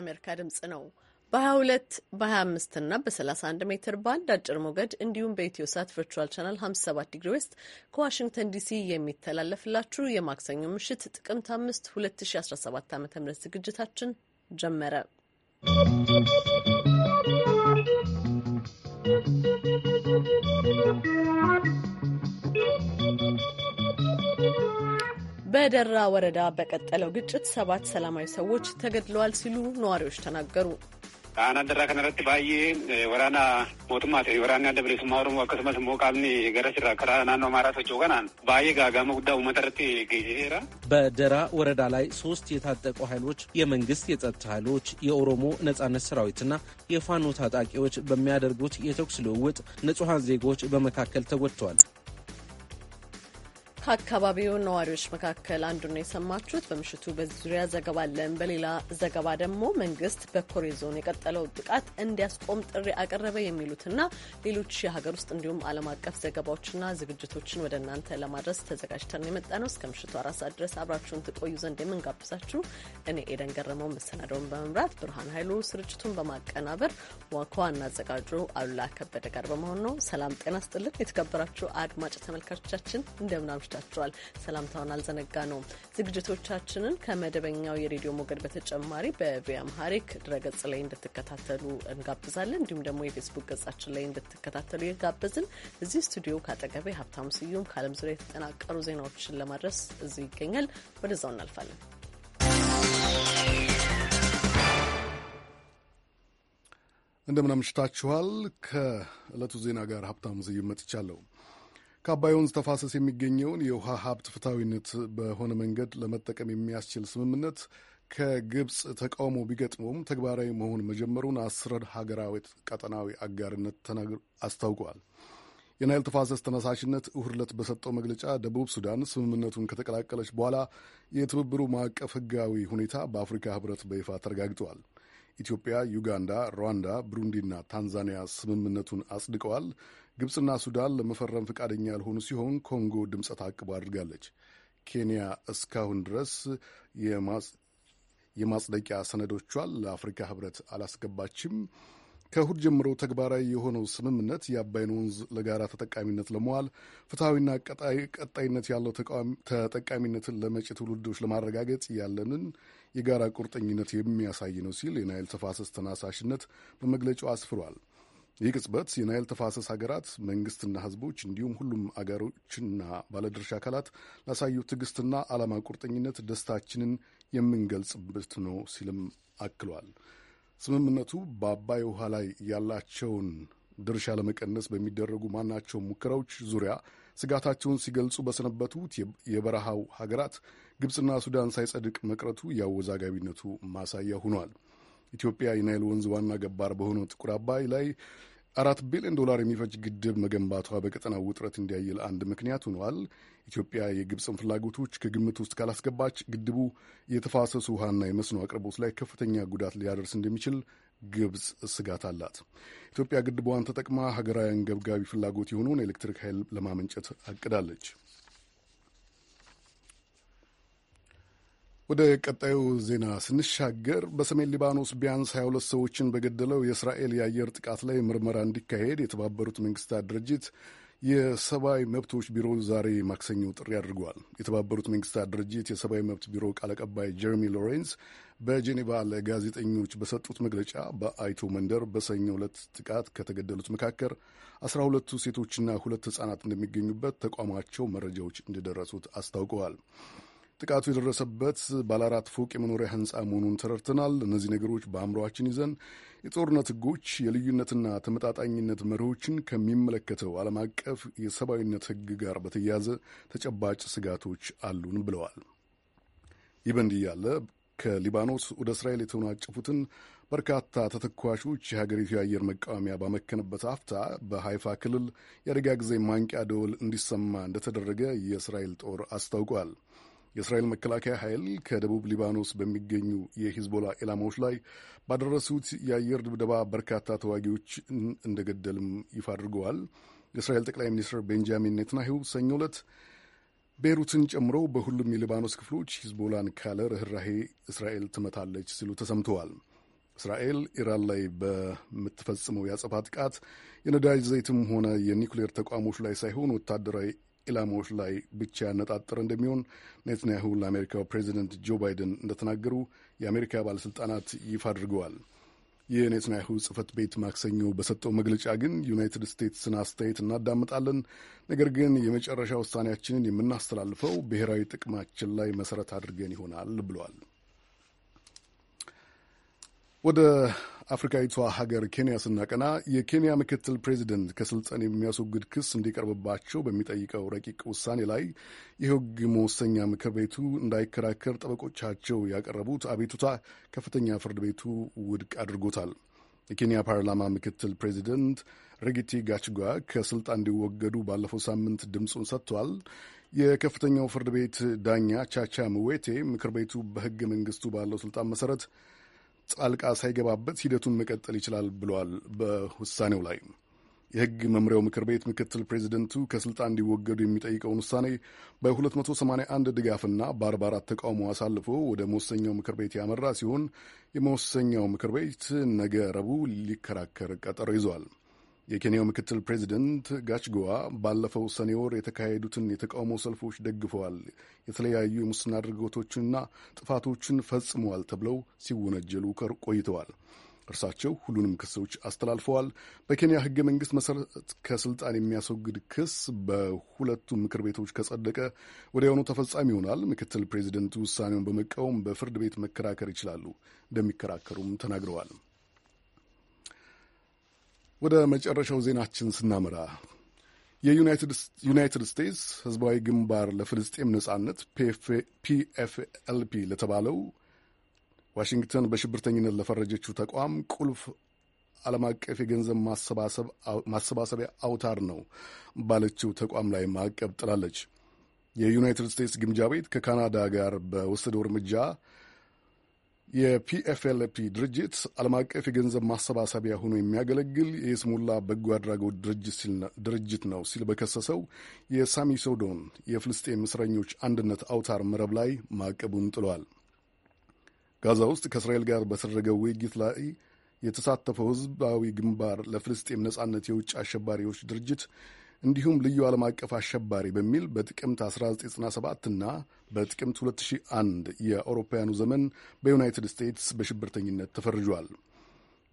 የአሜሪካ ድምጽ ነው። በ22 በ25 እና በ31 ሜትር ባንድ አጭር ሞገድ እንዲሁም በኢትዮ ሳት ቨርቹዋል ቻናል 57 ዲግሪ ዌስት ከዋሽንግተን ዲሲ የሚተላለፍላችሁ የማክሰኞ ምሽት ጥቅምት 5 2017 ዓ ም ዝግጅታችን ጀመረ። ¶¶ በደራ ወረዳ በቀጠለው ግጭት ሰባት ሰላማዊ ሰዎች ተገድለዋል ሲሉ ነዋሪዎች ተናገሩ። አና ደራ ከነረት ባይ ወራና ሞቱማቴ ወራና ደብሬ ስማሩ አከሱመስ ሞቃልኒ ገረሽራ ከራና ነው ማራቶች ወገናን ባይ ጋጋመ ጉዳ መተርቲ ገይራ በደራ ወረዳ ላይ ሶስት የታጠቁ ኃይሎች የመንግስት የጸጥታ ኃይሎች የኦሮሞ ነጻነት ሰራዊትና የፋኖ ታጣቂዎች በሚያደርጉት የተኩስ ልውውጥ ንጹሐን ዜጎች በመካከል ተጎድተዋል። ከአካባቢው ነዋሪዎች መካከል አንዱ ነው የሰማችሁት። በምሽቱ በዙሪያ ዘገባ አለን። በሌላ ዘገባ ደግሞ መንግስት በኮሬ ዞን የቀጠለው ጥቃት እንዲያስቆም ጥሪ አቀረበ የሚሉትና ሌሎች የሀገር ውስጥ እንዲሁም ዓለም አቀፍ ዘገባዎችና ዝግጅቶችን ወደ እናንተ ለማድረስ ተዘጋጅተን የመጣ ነው። እስከ ምሽቱ አራት ሰዓት ድረስ አብራችሁን ትቆዩ ዘንድ የምንጋብዛችሁ እኔ ኤደን ገረመው መሰናደውን በመምራት ብርሃን ኃይሉ ስርጭቱን በማቀናበር ከዋና አዘጋጁ አሉላ ከበደ ጋር በመሆን ነው። ሰላም ጤና ስጥልን የተከበራችሁ አድማጭ ተመልካቾቻችን እንደምናምሽ አምሽታችኋል። ሰላምታውን አልዘነጋ ነው። ዝግጅቶቻችንን ከመደበኛው የሬዲዮ ሞገድ በተጨማሪ በቪኦኤ አምሃሪክ ድረገጽ ላይ እንድትከታተሉ እንጋብዛለን። እንዲሁም ደግሞ የፌስቡክ ገጻችን ላይ እንድትከታተሉ የጋበዝን። እዚህ ስቱዲዮ ካጠገቤ ሀብታሙ ስዩም ከዓለም ዙሪያ የተጠናቀሩ ዜናዎችን ለማድረስ እዚህ ይገኛል። ወደዛው እናልፋለን። እንደምን አምሽታችኋል። ከዕለቱ ዜና ጋር ሀብታሙ ስዩም መጥቻለሁ። ከአባይ ወንዝ ተፋሰስ የሚገኘውን የውሃ ሀብት ፍትሐዊነት በሆነ መንገድ ለመጠቀም የሚያስችል ስምምነት ከግብፅ ተቃውሞ ቢገጥመውም ተግባራዊ መሆን መጀመሩን አስረድ ሀገራዊ ቀጠናዊ አጋርነት አስታውቀዋል። የናይል ተፋሰስ ተነሳሽነት እሁድ ዕለት በሰጠው መግለጫ ደቡብ ሱዳን ስምምነቱን ከተቀላቀለች በኋላ የትብብሩ ማዕቀፍ ሕጋዊ ሁኔታ በአፍሪካ ሕብረት በይፋ ተረጋግጠዋል። ኢትዮጵያ፣ ዩጋንዳ፣ ሩዋንዳ፣ ብሩንዲና ታንዛኒያ ስምምነቱን አጽድቀዋል። ግብፅና ሱዳን ለመፈረም ፈቃደኛ ያልሆኑ ሲሆን ኮንጎ ድምፀ ተአቅቦ አድርጋለች። ኬንያ እስካሁን ድረስ የማጽደቂያ ሰነዶቿን ለአፍሪካ ህብረት አላስገባችም። ከእሁድ ጀምሮ ተግባራዊ የሆነው ስምምነት የአባይን ወንዝ ለጋራ ተጠቃሚነት ለመዋል ፍትሐዊና ቀጣይነት ያለው ተጠቃሚነትን ለመጪ ትውልዶች ለማረጋገጥ ያለንን የጋራ ቁርጠኝነት የሚያሳይ ነው ሲል የናይል ተፋሰስ ተናሳሽነት በመግለጫው አስፍሯል። ይህ ቅጽበት የናይል ተፋሰስ ሀገራት መንግስትና ህዝቦች እንዲሁም ሁሉም አገሮችና ባለድርሻ አካላት ላሳዩ ትዕግስትና ዓላማ ቁርጠኝነት ደስታችንን የምንገልጽበት ነው ሲልም አክሏል። ስምምነቱ በአባይ ውሃ ላይ ያላቸውን ድርሻ ለመቀነስ በሚደረጉ ማናቸው ሙከራዎች ዙሪያ ስጋታቸውን ሲገልጹ በሰነበቱት የበረሃው ሀገራት ግብፅና ሱዳን ሳይጸድቅ መቅረቱ የአወዛጋቢነቱ ማሳያ ሆኗል። ኢትዮጵያ የናይል ወንዝ ዋና ገባር በሆነው ጥቁር አባይ ላይ አራት ቢሊዮን ዶላር የሚፈጅ ግድብ መገንባቷ በቀጠናው ውጥረት እንዲያይል አንድ ምክንያት ሆኗል። ኢትዮጵያ የግብፅን ፍላጎቶች ከግምት ውስጥ ካላስገባች ግድቡ የተፋሰሱ ውሃና የመስኖ አቅርቦት ላይ ከፍተኛ ጉዳት ሊያደርስ እንደሚችል ግብፅ ስጋት አላት። ኢትዮጵያ ግድቧን ተጠቅማ ሀገራዊ አንገብጋቢ ፍላጎት የሆነውን ኤሌክትሪክ ኃይል ለማመንጨት አቅዳለች። ወደ ቀጣዩ ዜና ስንሻገር በሰሜን ሊባኖስ ቢያንስ 22 ሰዎችን በገደለው የእስራኤል የአየር ጥቃት ላይ ምርመራ እንዲካሄድ የተባበሩት መንግስታት ድርጅት የሰብአዊ መብቶች ቢሮ ዛሬ ማክሰኞ ጥሪ አድርጓል። የተባበሩት መንግስታት ድርጅት የሰብአዊ መብት ቢሮ ቃል አቀባይ ጀርሚ ሎሬንስ በጄኔቫ ለጋዜጠኞች በሰጡት መግለጫ በአይቶ መንደር በሰኞ ዕለት ጥቃት ከተገደሉት መካከል አስራ ሁለቱ ሴቶችና ሁለት ህጻናት እንደሚገኙበት ተቋማቸው መረጃዎች እንደደረሱት አስታውቀዋል። ጥቃቱ የደረሰበት ባለአራት ፎቅ የመኖሪያ ህንፃ መሆኑን ተረድተናል። እነዚህ ነገሮች በአእምሯችን ይዘን የጦርነት ህጎች የልዩነትና ተመጣጣኝነት መርሆችን ከሚመለከተው ዓለም አቀፍ የሰብአዊነት ህግ ጋር በተያያዘ ተጨባጭ ስጋቶች አሉን ብለዋል። ይህ በእንዲህ ከሊባኖስ ወደ እስራኤል የተወናጨፉትን በርካታ ተተኳሾች የሀገሪቱ የአየር መቃወሚያ ባመከነበት አፍታ በሀይፋ ክልል የአደጋ ጊዜ ማንቂያ ደወል እንዲሰማ እንደተደረገ የእስራኤል ጦር አስታውቋል። የእስራኤል መከላከያ ኃይል ከደቡብ ሊባኖስ በሚገኙ የሂዝቦላ ኢላማዎች ላይ ባደረሱት የአየር ድብደባ በርካታ ተዋጊዎች እንደገደልም ይፋ አድርገዋል። የእስራኤል ጠቅላይ ሚኒስትር ቤንጃሚን ኔትናሂው ሰኞ ዕለት ቤይሩትን ጨምሮ በሁሉም የሊባኖስ ክፍሎች ሂዝቦላን ካለ ርኅራሄ እስራኤል ትመታለች ሲሉ ተሰምተዋል። እስራኤል ኢራን ላይ በምትፈጽመው የአጸፋ ጥቃት የነዳጅ ዘይትም ሆነ የኒውክሌር ተቋሞች ላይ ሳይሆን ወታደራዊ ኢላማዎች ላይ ብቻ ያነጣጠረ እንደሚሆን ኔትንያሁ ለአሜሪካው ፕሬዚደንት ጆ ባይደን እንደተናገሩ የአሜሪካ ባለሥልጣናት ይፋ አድርገዋል። የኔትንያሁ ጽህፈት ቤት ማክሰኞ በሰጠው መግለጫ ግን ዩናይትድ ስቴትስን አስተያየት እናዳምጣለን፣ ነገር ግን የመጨረሻ ውሳኔያችንን የምናስተላልፈው ብሔራዊ ጥቅማችን ላይ መሠረት አድርገን ይሆናል ብለዋል። ወደ አፍሪካዊቷ ሀገር ኬንያ ስናቀና የኬንያ ምክትል ፕሬዚደንት ከስልጣን የሚያስወግድ ክስ እንዲቀርብባቸው በሚጠይቀው ረቂቅ ውሳኔ ላይ የሕግ መወሰኛ ምክር ቤቱ እንዳይከራከር ጠበቆቻቸው ያቀረቡት አቤቱታ ከፍተኛ ፍርድ ቤቱ ውድቅ አድርጎታል። የኬንያ ፓርላማ ምክትል ፕሬዚደንት ሪጊቲ ጋችጓ ከስልጣን እንዲወገዱ ባለፈው ሳምንት ድምፁን ሰጥቷል። የከፍተኛው ፍርድ ቤት ዳኛ ቻቻ ምዌቴ ምክር ቤቱ በሕገ መንግስቱ ባለው ስልጣን መሰረት ጣልቃ ሳይገባበት ሂደቱን መቀጠል ይችላል ብለዋል። በውሳኔው ላይ የሕግ መምሪያው ምክር ቤት ምክትል ፕሬዚደንቱ ከስልጣን እንዲወገዱ የሚጠይቀውን ውሳኔ በ281 ድጋፍና በ44 ተቃውሞ አሳልፎ ወደ መወሰኛው ምክር ቤት ያመራ ሲሆን የመወሰኛው ምክር ቤት ነገ ረቡዕ ሊከራከር ቀጠሮ ይዟል። የኬንያው ምክትል ፕሬዚደንት ጋችጎዋ ባለፈው ሰኔ ወር የተካሄዱትን የተቃውሞ ሰልፎች ደግፈዋል፣ የተለያዩ የሙስና አድርጎቶችንና ጥፋቶችን ፈጽመዋል ተብለው ሲወነጀሉ ቆይተዋል። እርሳቸው ሁሉንም ክሶች አስተላልፈዋል። በኬንያ ሕገ መንግሥት መሠረት ከስልጣን የሚያስወግድ ክስ በሁለቱም ምክር ቤቶች ከጸደቀ ወዲያውኑ ተፈጻሚ ይሆናል። ምክትል ፕሬዚደንቱ ውሳኔውን በመቃወም በፍርድ ቤት መከራከር ይችላሉ። እንደሚከራከሩም ተናግረዋል። ወደ መጨረሻው ዜናችን ስናመራ የዩናይትድ ስቴትስ ህዝባዊ ግንባር ለፍልስጤም ነጻነት ፒኤፍኤልፒ ለተባለው ዋሽንግተን በሽብርተኝነት ለፈረጀችው ተቋም ቁልፍ ዓለም አቀፍ የገንዘብ ማሰባሰቢያ አውታር ነው ባለችው ተቋም ላይ ማዕቀብ ጥላለች። የዩናይትድ ስቴትስ ግምጃ ቤት ከካናዳ ጋር በወሰደው እርምጃ የፒኤፍኤልፒ ድርጅት ዓለም አቀፍ የገንዘብ ማሰባሰቢያ ሆኖ የሚያገለግል የስሙላ በጎ አድራጎት ድርጅት ነው ሲል በከሰሰው የሳሚ ሶዶን የፍልስጤም እስረኞች አንድነት አውታር መረብ ላይ ማዕቀቡን ጥሏል። ጋዛ ውስጥ ከእስራኤል ጋር በተደረገው ውይይት ላይ የተሳተፈው ህዝባዊ ግንባር ለፍልስጤም ነጻነት የውጭ አሸባሪዎች ድርጅት እንዲሁም ልዩ ዓለም አቀፍ አሸባሪ በሚል በጥቅምት 1997ና በጥቅምት 2001 የአውሮፓውያኑ ዘመን በዩናይትድ ስቴትስ በሽብርተኝነት ተፈርጇል።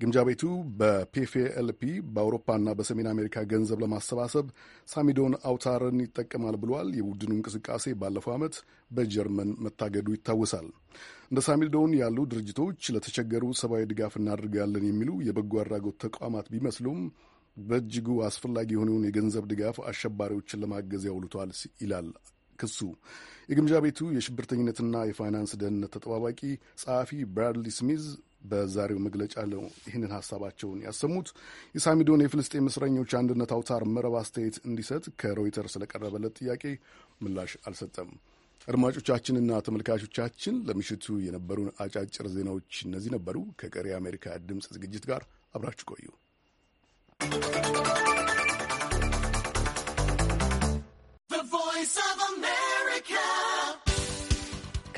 ግምጃ ቤቱ በፒኤፍኤልፒ በአውሮፓና በሰሜን አሜሪካ ገንዘብ ለማሰባሰብ ሳሚዶን አውታርን ይጠቀማል ብሏል። የቡድኑ እንቅስቃሴ ባለፈው ዓመት በጀርመን መታገዱ ይታወሳል። እንደ ሳሚዶን ያሉ ድርጅቶች ለተቸገሩ ሰብአዊ ድጋፍ እናደርጋለን የሚሉ የበጎ አድራጎት ተቋማት ቢመስሉም በእጅጉ አስፈላጊ የሆነውን የገንዘብ ድጋፍ አሸባሪዎችን ለማገዝ ያውሉቷል ይላል ክሱ። የግምጃ ቤቱ የሽብርተኝነትና የፋይናንስ ደህንነት ተጠባባቂ ጸሐፊ ብራድሊ ስሚዝ በዛሬው መግለጫ ነው ይህንን ሀሳባቸውን ያሰሙት። የሳሚዶን የፍልስጤም እስረኞች አንድነት አውታር መረብ አስተያየት እንዲሰጥ ከሮይተርስ ስለቀረበለት ጥያቄ ምላሽ አልሰጠም። አድማጮቻችንና ተመልካቾቻችን ለምሽቱ የነበሩን አጫጭር ዜናዎች እነዚህ ነበሩ። ከቀሪ የአሜሪካ ድምፅ ዝግጅት ጋር አብራችሁ ቆዩ። The voice of a man.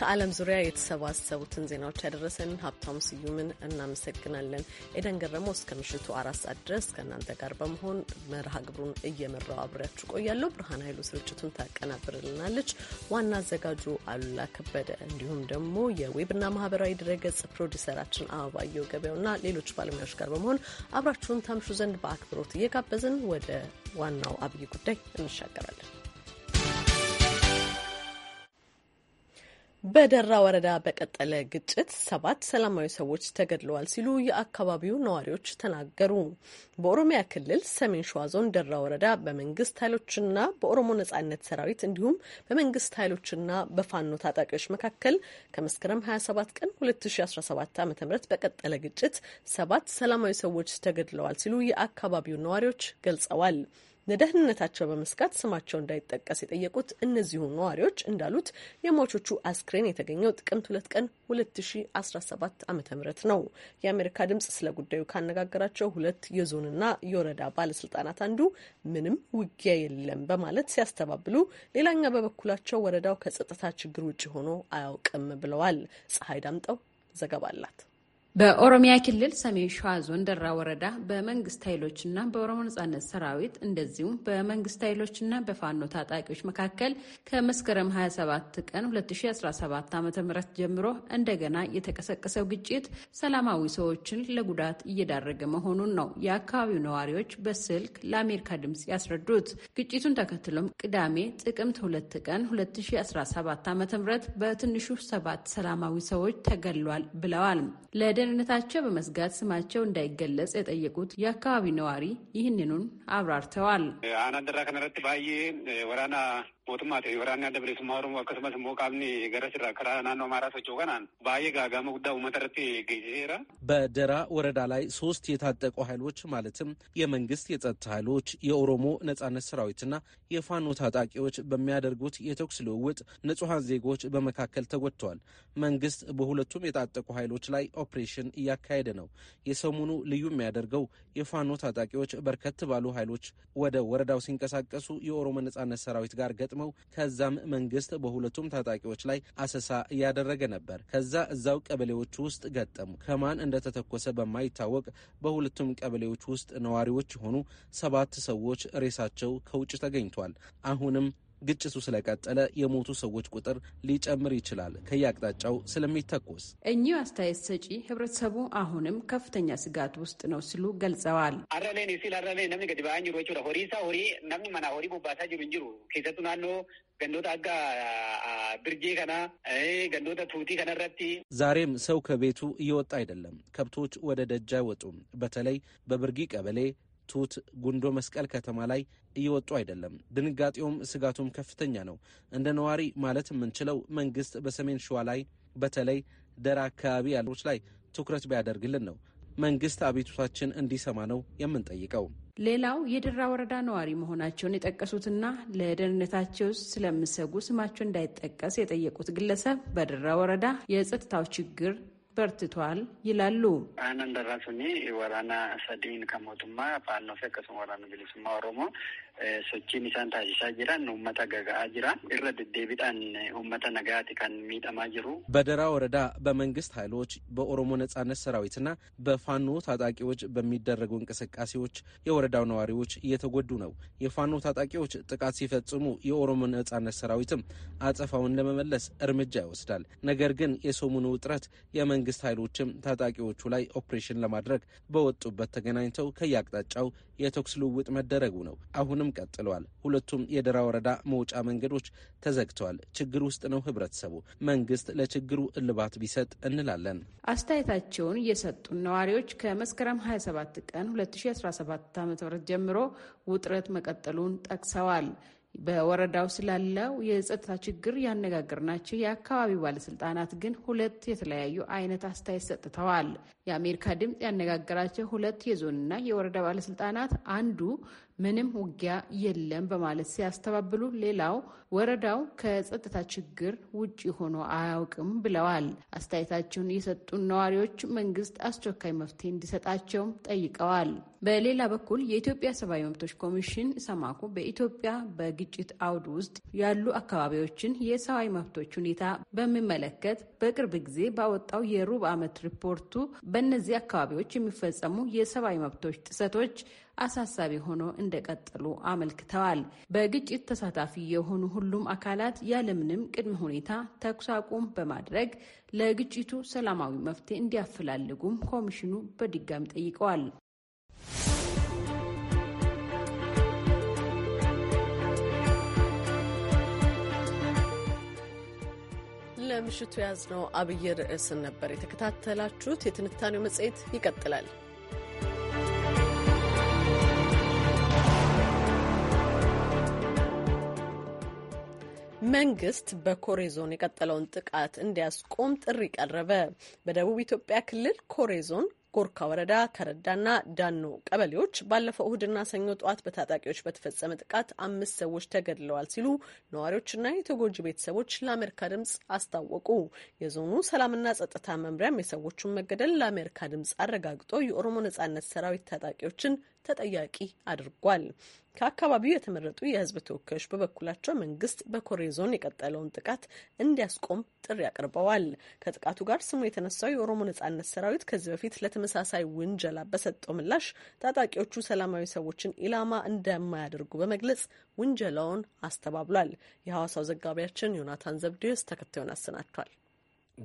ከዓለም ዙሪያ የተሰባሰቡትን ዜናዎች ያደረሰን ሀብታሙ ስዩምን እናመሰግናለን። ኤደን ገረመው እስከ ምሽቱ አራት ሰዓት ድረስ ከእናንተ ጋር በመሆን መርሃ ግብሩን እየመራው አብሬያችሁ ቆያለሁ። ብርሃን ኃይሉ ስርጭቱን ታቀናብርልናለች። ዋና አዘጋጁ አሉላ ከበደ፣ እንዲሁም ደግሞ የዌብና ማህበራዊ ድረገጽ ፕሮዲሰራችን አበባየው ገበያውና ሌሎች ባለሙያዎች ጋር በመሆን አብራችሁን ታምሹ ዘንድ በአክብሮት እየጋበዝን ወደ ዋናው አብይ ጉዳይ እንሻገራለን። በደራ ወረዳ በቀጠለ ግጭት ሰባት ሰላማዊ ሰዎች ተገድለዋል ሲሉ የአካባቢው ነዋሪዎች ተናገሩ። በኦሮሚያ ክልል ሰሜን ሸዋ ዞን ደራ ወረዳ በመንግስት ኃይሎችና በኦሮሞ ነጻነት ሰራዊት እንዲሁም በመንግስት ኃይሎችና በፋኖ ታጣቂዎች መካከል ከመስከረም 27 ቀን 2017 ዓ ም በቀጠለ ግጭት ሰባት ሰላማዊ ሰዎች ተገድለዋል ሲሉ የአካባቢው ነዋሪዎች ገልጸዋል። ለደህንነታቸው በመስጋት ስማቸው እንዳይጠቀስ የጠየቁት እነዚሁ ነዋሪዎች እንዳሉት የሟቾቹ አስክሬን የተገኘው ጥቅምት ሁለት ቀን 2017 ዓ ም ነው። የአሜሪካ ድምጽ ስለ ጉዳዩ ካነጋገራቸው ሁለት የዞንና የወረዳ ባለስልጣናት አንዱ ምንም ውጊያ የለም በማለት ሲያስተባብሉ፣ ሌላኛው በበኩላቸው ወረዳው ከጸጥታ ችግር ውጭ ሆኖ አያውቅም ብለዋል። ፀሐይ ዳምጠው ዘገባ አላት። በኦሮሚያ ክልል ሰሜን ሸዋ ዞን ደራ ወረዳ በመንግስት ኃይሎችና በኦሮሞ ነጻነት ሰራዊት እንደዚሁም በመንግስት ኃይሎችና በፋኖ ታጣቂዎች መካከል ከመስከረም 27 ቀን 2017 ዓ ም ጀምሮ እንደገና የተቀሰቀሰው ግጭት ሰላማዊ ሰዎችን ለጉዳት እየዳረገ መሆኑን ነው የአካባቢው ነዋሪዎች በስልክ ለአሜሪካ ድምፅ ያስረዱት። ግጭቱን ተከትሎም ቅዳሜ ጥቅምት 2 ቀን 2017 ዓ ም በትንሹ ሰባት ሰላማዊ ሰዎች ተገሏል ብለዋል። ለደህንነታቸው በመስጋት ስማቸው እንዳይገለጽ የጠየቁት የአካባቢ ነዋሪ ይህንኑን አብራርተዋል። አናደራ ከነረት ባዬ ወራና mootummaa waraanni adda bilisummaa akkasumas immoo qaamni gara karaa naannoo amaaraa socho'u baay'ee gaagama guddaa uummata irratti geessiseera. በደራ ወረዳ ላይ ሶስት የታጠቁ ኃይሎች ማለትም የመንግስት የጸጥታ ኃይሎች፣ የኦሮሞ ነጻነት ሰራዊትና የፋኖ ታጣቂዎች በሚያደርጉት የተኩስ ልውውጥ ንጹሐን ዜጎች በመካከል ተጎድተዋል። መንግስት በሁለቱም የታጠቁ ኃይሎች ላይ ኦፕሬሽን እያካሄደ ነው። የሰሞኑ ልዩ የሚያደርገው የፋኖ ታጣቂዎች በርከት ባሉ ኃይሎች ወደ ወረዳው ሲንቀሳቀሱ የኦሮሞ ነጻነት ሰራዊት ጋር ገጥሞ ፈጽመው ከዛም መንግስት በሁለቱም ታጣቂዎች ላይ አሰሳ እያደረገ ነበር። ከዛ እዛው ቀበሌዎች ውስጥ ገጠሙ። ከማን እንደተተኮሰ በማይታወቅ በሁለቱም ቀበሌዎች ውስጥ ነዋሪዎች የሆኑ ሰባት ሰዎች ሬሳቸው ከውጭ ተገኝቷል። አሁንም ግጭቱ ስለቀጠለ የሞቱ ሰዎች ቁጥር ሊጨምር ይችላል ከየአቅጣጫው ስለሚተኮስ። እኚ አስተያየት ሰጪ ህብረተሰቡ አሁንም ከፍተኛ ስጋት ውስጥ ነው ሲሉ ገልጸዋል። ዛሬም ሰው ከቤቱ እየወጣ አይደለም። ከብቶች ወደ ደጅ አይወጡም። በተለይ በብርጊ ቀበሌ ቱት ጉንዶ መስቀል ከተማ ላይ እየወጡ አይደለም። ድንጋጤውም ስጋቱም ከፍተኛ ነው። እንደ ነዋሪ ማለት የምንችለው መንግስት በሰሜን ሸዋ ላይ በተለይ ደራ አካባቢ ያሉች ላይ ትኩረት ቢያደርግልን ነው። መንግስት አቤቱታችን እንዲሰማ ነው የምንጠይቀው። ሌላው የድራ ወረዳ ነዋሪ መሆናቸውን የጠቀሱትና ለደህንነታቸው ስለሚሰጉ ስማቸው እንዳይጠቀስ የጠየቁት ግለሰብ በድራ ወረዳ የጸጥታው ችግር በርትቷል ይላሉ። ወራና ሰዲን ከሞቱማ ኦሮሞ sochiin ኢሳን taasisaa jiran uummata gaga'aa jira እረ ድዴቢጣን uummata nagaati kan ሚጠማ ጅሩ በደራ ወረዳ በመንግስት ኃይሎች በኦሮሞ ነጻነት ሰራዊትና በፋኖ ታጣቂዎች በሚደረጉ እንቅስቃሴዎች የወረዳው ነዋሪዎች እየተጎዱ ነው። የፋኖ ታጣቂዎች ጥቃት ሲፈጽሙ የኦሮሞ ነጻነት ሰራዊትም አጸፋውን ለመመለስ እርምጃ ይወስዳል። ነገር ግን የሰሞኑ ውጥረት የመንግስት የመንግስት ኃይሎችም ታጣቂዎቹ ላይ ኦፕሬሽን ለማድረግ በወጡበት ተገናኝተው ከየአቅጣጫው የተኩስ ልውውጥ መደረጉ ነው አሁንም ቀጥለዋል። ሁለቱም የደራ ወረዳ መውጫ መንገዶች ተዘግተዋል። ችግር ውስጥ ነው ህብረተሰቡ። መንግስት ለችግሩ እልባት ቢሰጥ እንላለን። አስተያየታቸውን እየሰጡን ነዋሪዎች ከመስከረም 27 ቀን 2017 ዓ ም ጀምሮ ውጥረት መቀጠሉን ጠቅሰዋል። በወረዳው ስላለው የጸጥታ ችግር ያነጋገርናቸው የአካባቢው ባለስልጣናት ግን ሁለት የተለያዩ አይነት አስተያየት ሰጥተዋል። የአሜሪካ ድምፅ ያነጋገራቸው ሁለት የዞንና የወረዳ ባለስልጣናት አንዱ ምንም ውጊያ የለም በማለት ሲያስተባብሉ፣ ሌላው ወረዳው ከጸጥታ ችግር ውጪ ሆኖ አያውቅም ብለዋል። አስተያየታቸውን የሰጡን ነዋሪዎች መንግስት አስቸኳይ መፍትሄ እንዲሰጣቸውም ጠይቀዋል። በሌላ በኩል የኢትዮጵያ ሰብአዊ መብቶች ኮሚሽን ሰማኮ በኢትዮጵያ በግጭት አውድ ውስጥ ያሉ አካባቢዎችን የሰብአዊ መብቶች ሁኔታ በሚመለከት በቅርብ ጊዜ ባወጣው የሩብ ዓመት ሪፖርቱ በእነዚህ አካባቢዎች የሚፈጸሙ የሰብአዊ መብቶች ጥሰቶች አሳሳቢ ሆኖ እንደቀጠሉ አመልክተዋል። በግጭት ተሳታፊ የሆኑ ሁሉም አካላት ያለምንም ቅድመ ሁኔታ ተኩስ አቁም በማድረግ ለግጭቱ ሰላማዊ መፍትሄ እንዲያፈላልጉም ኮሚሽኑ በድጋሚ ጠይቀዋል። ለምሽቱ የያዝነው አብይ ርዕስን ነበር የተከታተላችሁት። የትንታኔው መጽሔት ይቀጥላል። መንግስት በኮሬ ዞን የቀጠለውን ጥቃት እንዲያስቆም ጥሪ ቀረበ። በደቡብ ኢትዮጵያ ክልል ኮሬ ዞን ጎርካ ወረዳ ከረዳና ዳኖ ቀበሌዎች ባለፈው እሁድና ሰኞ ጠዋት በታጣቂዎች በተፈጸመ ጥቃት አምስት ሰዎች ተገድለዋል ሲሉ ነዋሪዎችና የተጎጂ ቤተሰቦች ለአሜሪካ ድምጽ አስታወቁ። የዞኑ ሰላምና ጸጥታ መምሪያም የሰዎቹን መገደል ለአሜሪካ ድምጽ አረጋግጦ የኦሮሞ ነጻነት ሰራዊት ታጣቂዎችን ተጠያቂ አድርጓል። ከአካባቢው የተመረጡ የህዝብ ተወካዮች በበኩላቸው መንግስት በኮሬ ዞን የቀጠለውን ጥቃት እንዲያስቆም ጥሪ አቅርበዋል። ከጥቃቱ ጋር ስሙ የተነሳው የኦሮሞ ነጻነት ሰራዊት ከዚህ በፊት ለተመሳሳይ ውንጀላ በሰጠው ምላሽ ታጣቂዎቹ ሰላማዊ ሰዎችን ኢላማ እንደማያደርጉ በመግለጽ ውንጀላውን አስተባብሏል። የሐዋሳው ዘጋቢያችን ዮናታን ዘብዴዎስ ተከታዩን አሰናድቷል።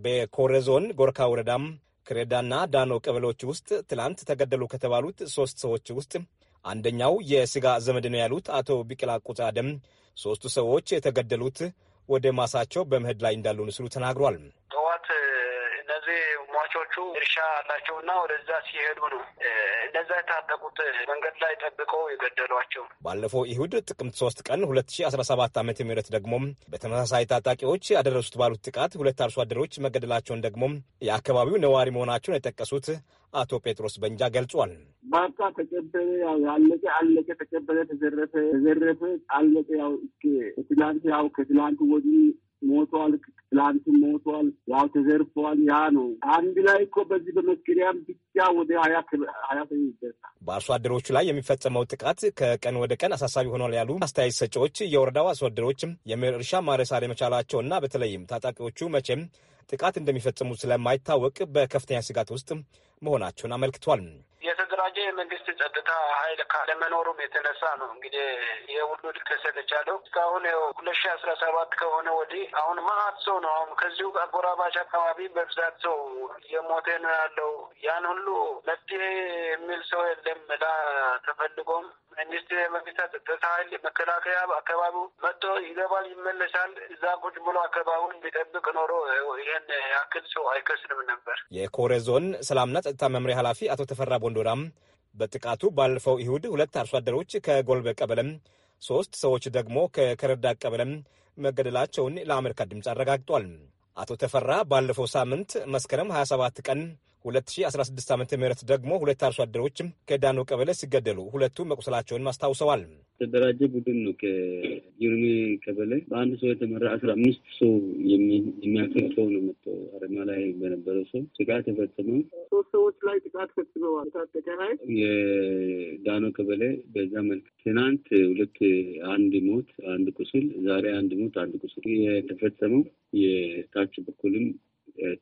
በኮሬ ዞን ጎርካ ወረዳም ክሬዳና ዳኖ ቀበሌዎች ውስጥ ትላንት ተገደሉ ከተባሉት ሶስት ሰዎች ውስጥ አንደኛው የስጋ ዘመድ ነው ያሉት አቶ ቢቅላ ቁጫ ሶስቱ ሰዎች የተገደሉት ወደ ማሳቸው በመሄድ ላይ እንዳሉ ምስሉ ተናግሯል። ጠዋት እነዚህ ሟቾቹ እርሻ አላቸውና ወደዛ ሲሄዱ ነው እነዛ የታጠቁት መንገድ ላይ ጠብቀው የገደሏቸው። ባለፈው ኢሁድ ጥቅምት ሶስት ቀን ሁለት ሺ አስራ ሰባት ዓመተ ምህረት ደግሞ በተመሳሳይ ታጣቂዎች ያደረሱት ባሉት ጥቃት ሁለት አርሶ አደሮች መገደላቸውን ደግሞ የአካባቢው ነዋሪ መሆናቸውን የጠቀሱት አቶ ጴጥሮስ በንጃ ገልጿል። በቃ ተጨበረ፣ አለቀ፣ አለቀ፣ ተጨበረ፣ ተዘረፈ፣ ተዘረፈ፣ አለቀ። ያው ትላንት ያው ከትላንት ወዲህ ሞቷል፣ ትላንት ሞቷል፣ ያው ተዘርፏል። ያ ነው አንድ ላይ እኮ በዚህ በመስከረም ብቻ ወደ ሀያ ሀያ ይደርሳል። በአርሶ አደሮቹ ላይ የሚፈጸመው ጥቃት ከቀን ወደ ቀን አሳሳቢ ሆኗል ያሉ አስተያየት ሰጪዎች የወረዳው አርሶ አደሮችም የምርጥ እርሻ ማረስ አለመቻላቸው እና በተለይም ታጣቂዎቹ መቼም ጥቃት እንደሚፈጽሙ ስለማይታወቅ በከፍተኛ ስጋት ውስጥ መሆናቸውን አመልክቷል። የተደራጀ የመንግስት ጸጥታ ኃይል ካለመኖሩም የተነሳ ነው እንግዲህ የሁሉ ሊከሰለች ያለው እስካሁን ሁለት ሺ አስራ ሰባት ከሆነ ወዲህ አሁን ማት ሰው ነው አሁን ከዚሁ አጎራባች አካባቢ በብዛት ሰው የሞተ ነው ያለው። ያን ሁሉ መፍትሄ የሚል ሰው የለም ላ ተፈልጎም መንግስት የመንግስት ጸጥታ ኃይል መከላከያ አካባቢው መጥቶ ይገባል፣ ይመለሳል። እዛ ቁጭ ብሎ አካባቢውን ቢጠብቅ ኖሮ ይህን ያክል ሰው አይከስልም ነበር። የኮሬ ዞን ሰላምና ጸጥታ መምሪያ ኃላፊ አቶ ተፈራ ሆንዱራም በጥቃቱ ባለፈው ይሁድ ሁለት አርሶ አደሮች ከጎልበ ቀበለም፣ ሶስት ሰዎች ደግሞ ከከረዳ ቀበለም መገደላቸውን ለአሜሪካ ድምፅ አረጋግጧል። አቶ ተፈራ ባለፈው ሳምንት መስከረም 27 ቀን 2016 ዓ ም ደግሞ ሁለት አርሶ አደሮች ከዳኖ ቀበሌ ሲገደሉ ሁለቱ መቁሰላቸውን አስታውሰዋል። ተደራጀ ቡድን ነው። ከዩርሜ ቀበሌ በአንድ ሰው የተመራ አስራ አምስት ሰው የሚያክል ሰው ነው መጥቶ አረማ ላይ በነበረው ሰው ጥቃት የፈጸመው ሶስት ሰዎች ላይ ጥቃት ፈጽመዋል። ታጠቀ የዳኖ ቀበሌ በዛ መልክ ትናንት ሁለት አንድ ሞት አንድ ቁስል፣ ዛሬ አንድ ሞት አንድ ቁስል የተፈጸመው የታች በኩልም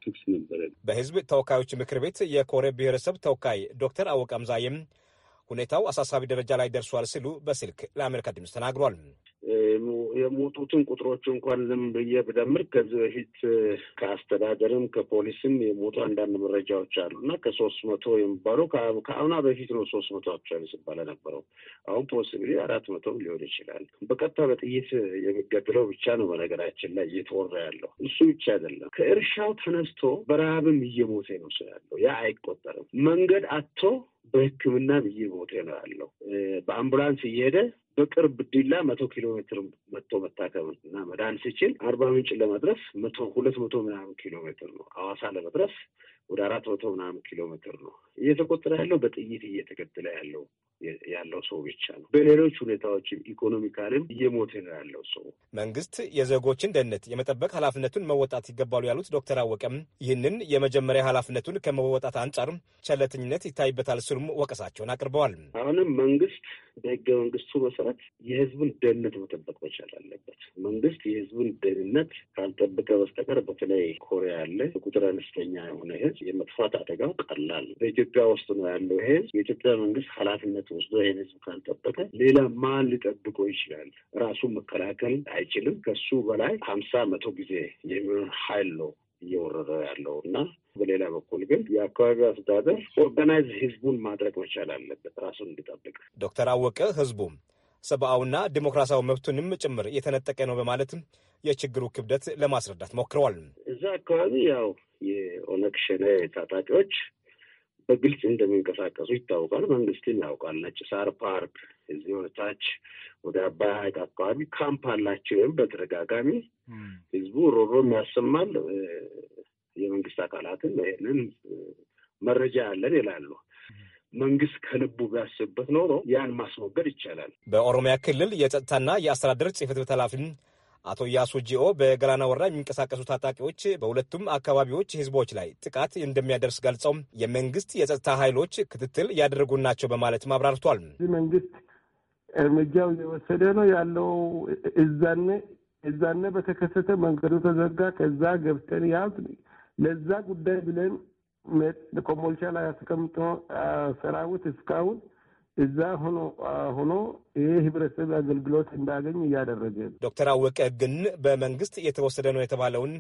ትኩስ ነበረ። በህዝብ ተወካዮች ምክር ቤት የኮሬ ብሔረሰብ ተወካይ ዶክተር አወቀ አምዛይም ሁኔታው አሳሳቢ ደረጃ ላይ ደርሷል ሲሉ በስልክ ለአሜሪካ ድምፅ ተናግሯል። የሞቱትን ቁጥሮች እንኳን ዝም ብዬ ብደምር ከዚህ በፊት ከአስተዳደርም ከፖሊስም የሞቱ አንዳንድ መረጃዎች አሉ እና ከሶስት መቶ የሚባለው ከአምና በፊት ነው ሶስት መቶ አክቹዋሊ ሲባል ነበረው። አሁን ፖስብሊ አራት መቶም ሊሆን ይችላል። በቀጥታ በጥይት የሚገድለው ብቻ ነው በነገራችን ላይ እየተወራ ያለው እሱ ብቻ አይደለም። ከእርሻው ተነስቶ በረሃብም እየሞተ ነው ያ አይቆጠርም መንገድ አቶ በህክምና ብዬ ሞቴ ነው ያለው። በአምቡላንስ እየሄደ በቅርብ ዲላ መቶ ኪሎ ሜትር መጥቶ መታከም እና መዳን ሲችል አርባ ምንጭ ለመድረስ መቶ ሁለት መቶ ምናምን ኪሎ ሜትር ነው። አዋሳ ለመድረስ ወደ አራት መቶ ምናምን ኪሎ ሜትር ነው እየተቆጠረ ያለው በጥይት እየተገደለ ያለው ያለው ሰው ብቻ ነው። በሌሎች ሁኔታዎችም ኢኮኖሚካልም እየሞተ ነው ያለው ሰው። መንግስት የዜጎችን ደህንነት የመጠበቅ ኃላፊነቱን መወጣት ይገባሉ ያሉት ዶክተር አወቀም ይህንን የመጀመሪያ ኃላፊነቱን ከመወጣት አንጻር ቸለተኝነት ይታይበታል ስሉም ወቀሳቸውን አቅርበዋል። አሁንም መንግስት በህገ መንግስቱ መሰረት የህዝብን ደህንነት መጠበቅ መቻል አለበት። መንግስት የህዝብን ደህንነት ካልጠበቀ በስተቀር በተለይ ኮሪያ ያለ ቁጥር አነስተኛ የሆነ ህዝብ የመጥፋት አደጋው ቀላል በኢትዮጵያ ውስጥ ነው ያለው ህዝብ የኢትዮጵያ መንግስት ኃላፊነቱ ወስዶ ይህን ካልጠበቀ ሌላ ማን ሊጠብቆ ይችላል? ራሱን መከላከል አይችልም። ከሱ በላይ ሀምሳ መቶ ጊዜ የሚሆን ሀይል ነው እየወረረ ያለው እና በሌላ በኩል ግን የአካባቢ አስተዳደር ኦርጋናይዝ ህዝቡን ማድረግ መቻል አለበት ራሱን እንዲጠብቅ። ዶክተር አወቀ ህዝቡም ሰብአውና ዲሞክራሲያዊ መብቱንም ጭምር የተነጠቀ ነው በማለትም የችግሩ ክብደት ለማስረዳት ሞክረዋል። እዛ አካባቢ ያው የኦነግ ሸኔ ታጣቂዎች በግልጽ እንደሚንቀሳቀሱ ይታወቃል። መንግስትም ያውቃል። ነጭ ሳር ፓርክ እዚህ ወደ ታች ወደ አባይ ሀይቅ አካባቢ ካምፕ አላቸው። ይህም በተደጋጋሚ ህዝቡ ሮሮም ያሰማል። የመንግስት አካላትን ይህንን መረጃ ያለን ይላሉ። መንግስት ከልቡ ቢያስብበት ኖሮ ያን ማስወገድ ይቻላል። በኦሮሚያ ክልል የጸጥታና የአስተዳደር ጽህፈት ቤት ኃላፊን አቶ ያሶ ጂኦ በገላና ወረዳ የሚንቀሳቀሱ ታጣቂዎች በሁለቱም አካባቢዎች ህዝቦች ላይ ጥቃት እንደሚያደርስ ገልጸው የመንግስት የጸጥታ ኃይሎች ክትትል እያደረጉ ናቸው በማለት ማብራርቷል። መንግስት እርምጃው እየወሰደ ነው ያለው። እዛነ እዛነ በተከሰተ መንገዱ ተዘጋ። ከዛ ገብተን ያዝ ለዛ ጉዳይ ብለን ኮምቦልቻ ላይ አስቀምጦ ሰራዊት እስካሁን እዛ ሆኖ ሆኖ ይህ ህብረተሰብ አገልግሎት እንዳገኝ እያደረገ ዶክተር አወቀ ግን በመንግስት እየተወሰደ ነው የተባለውን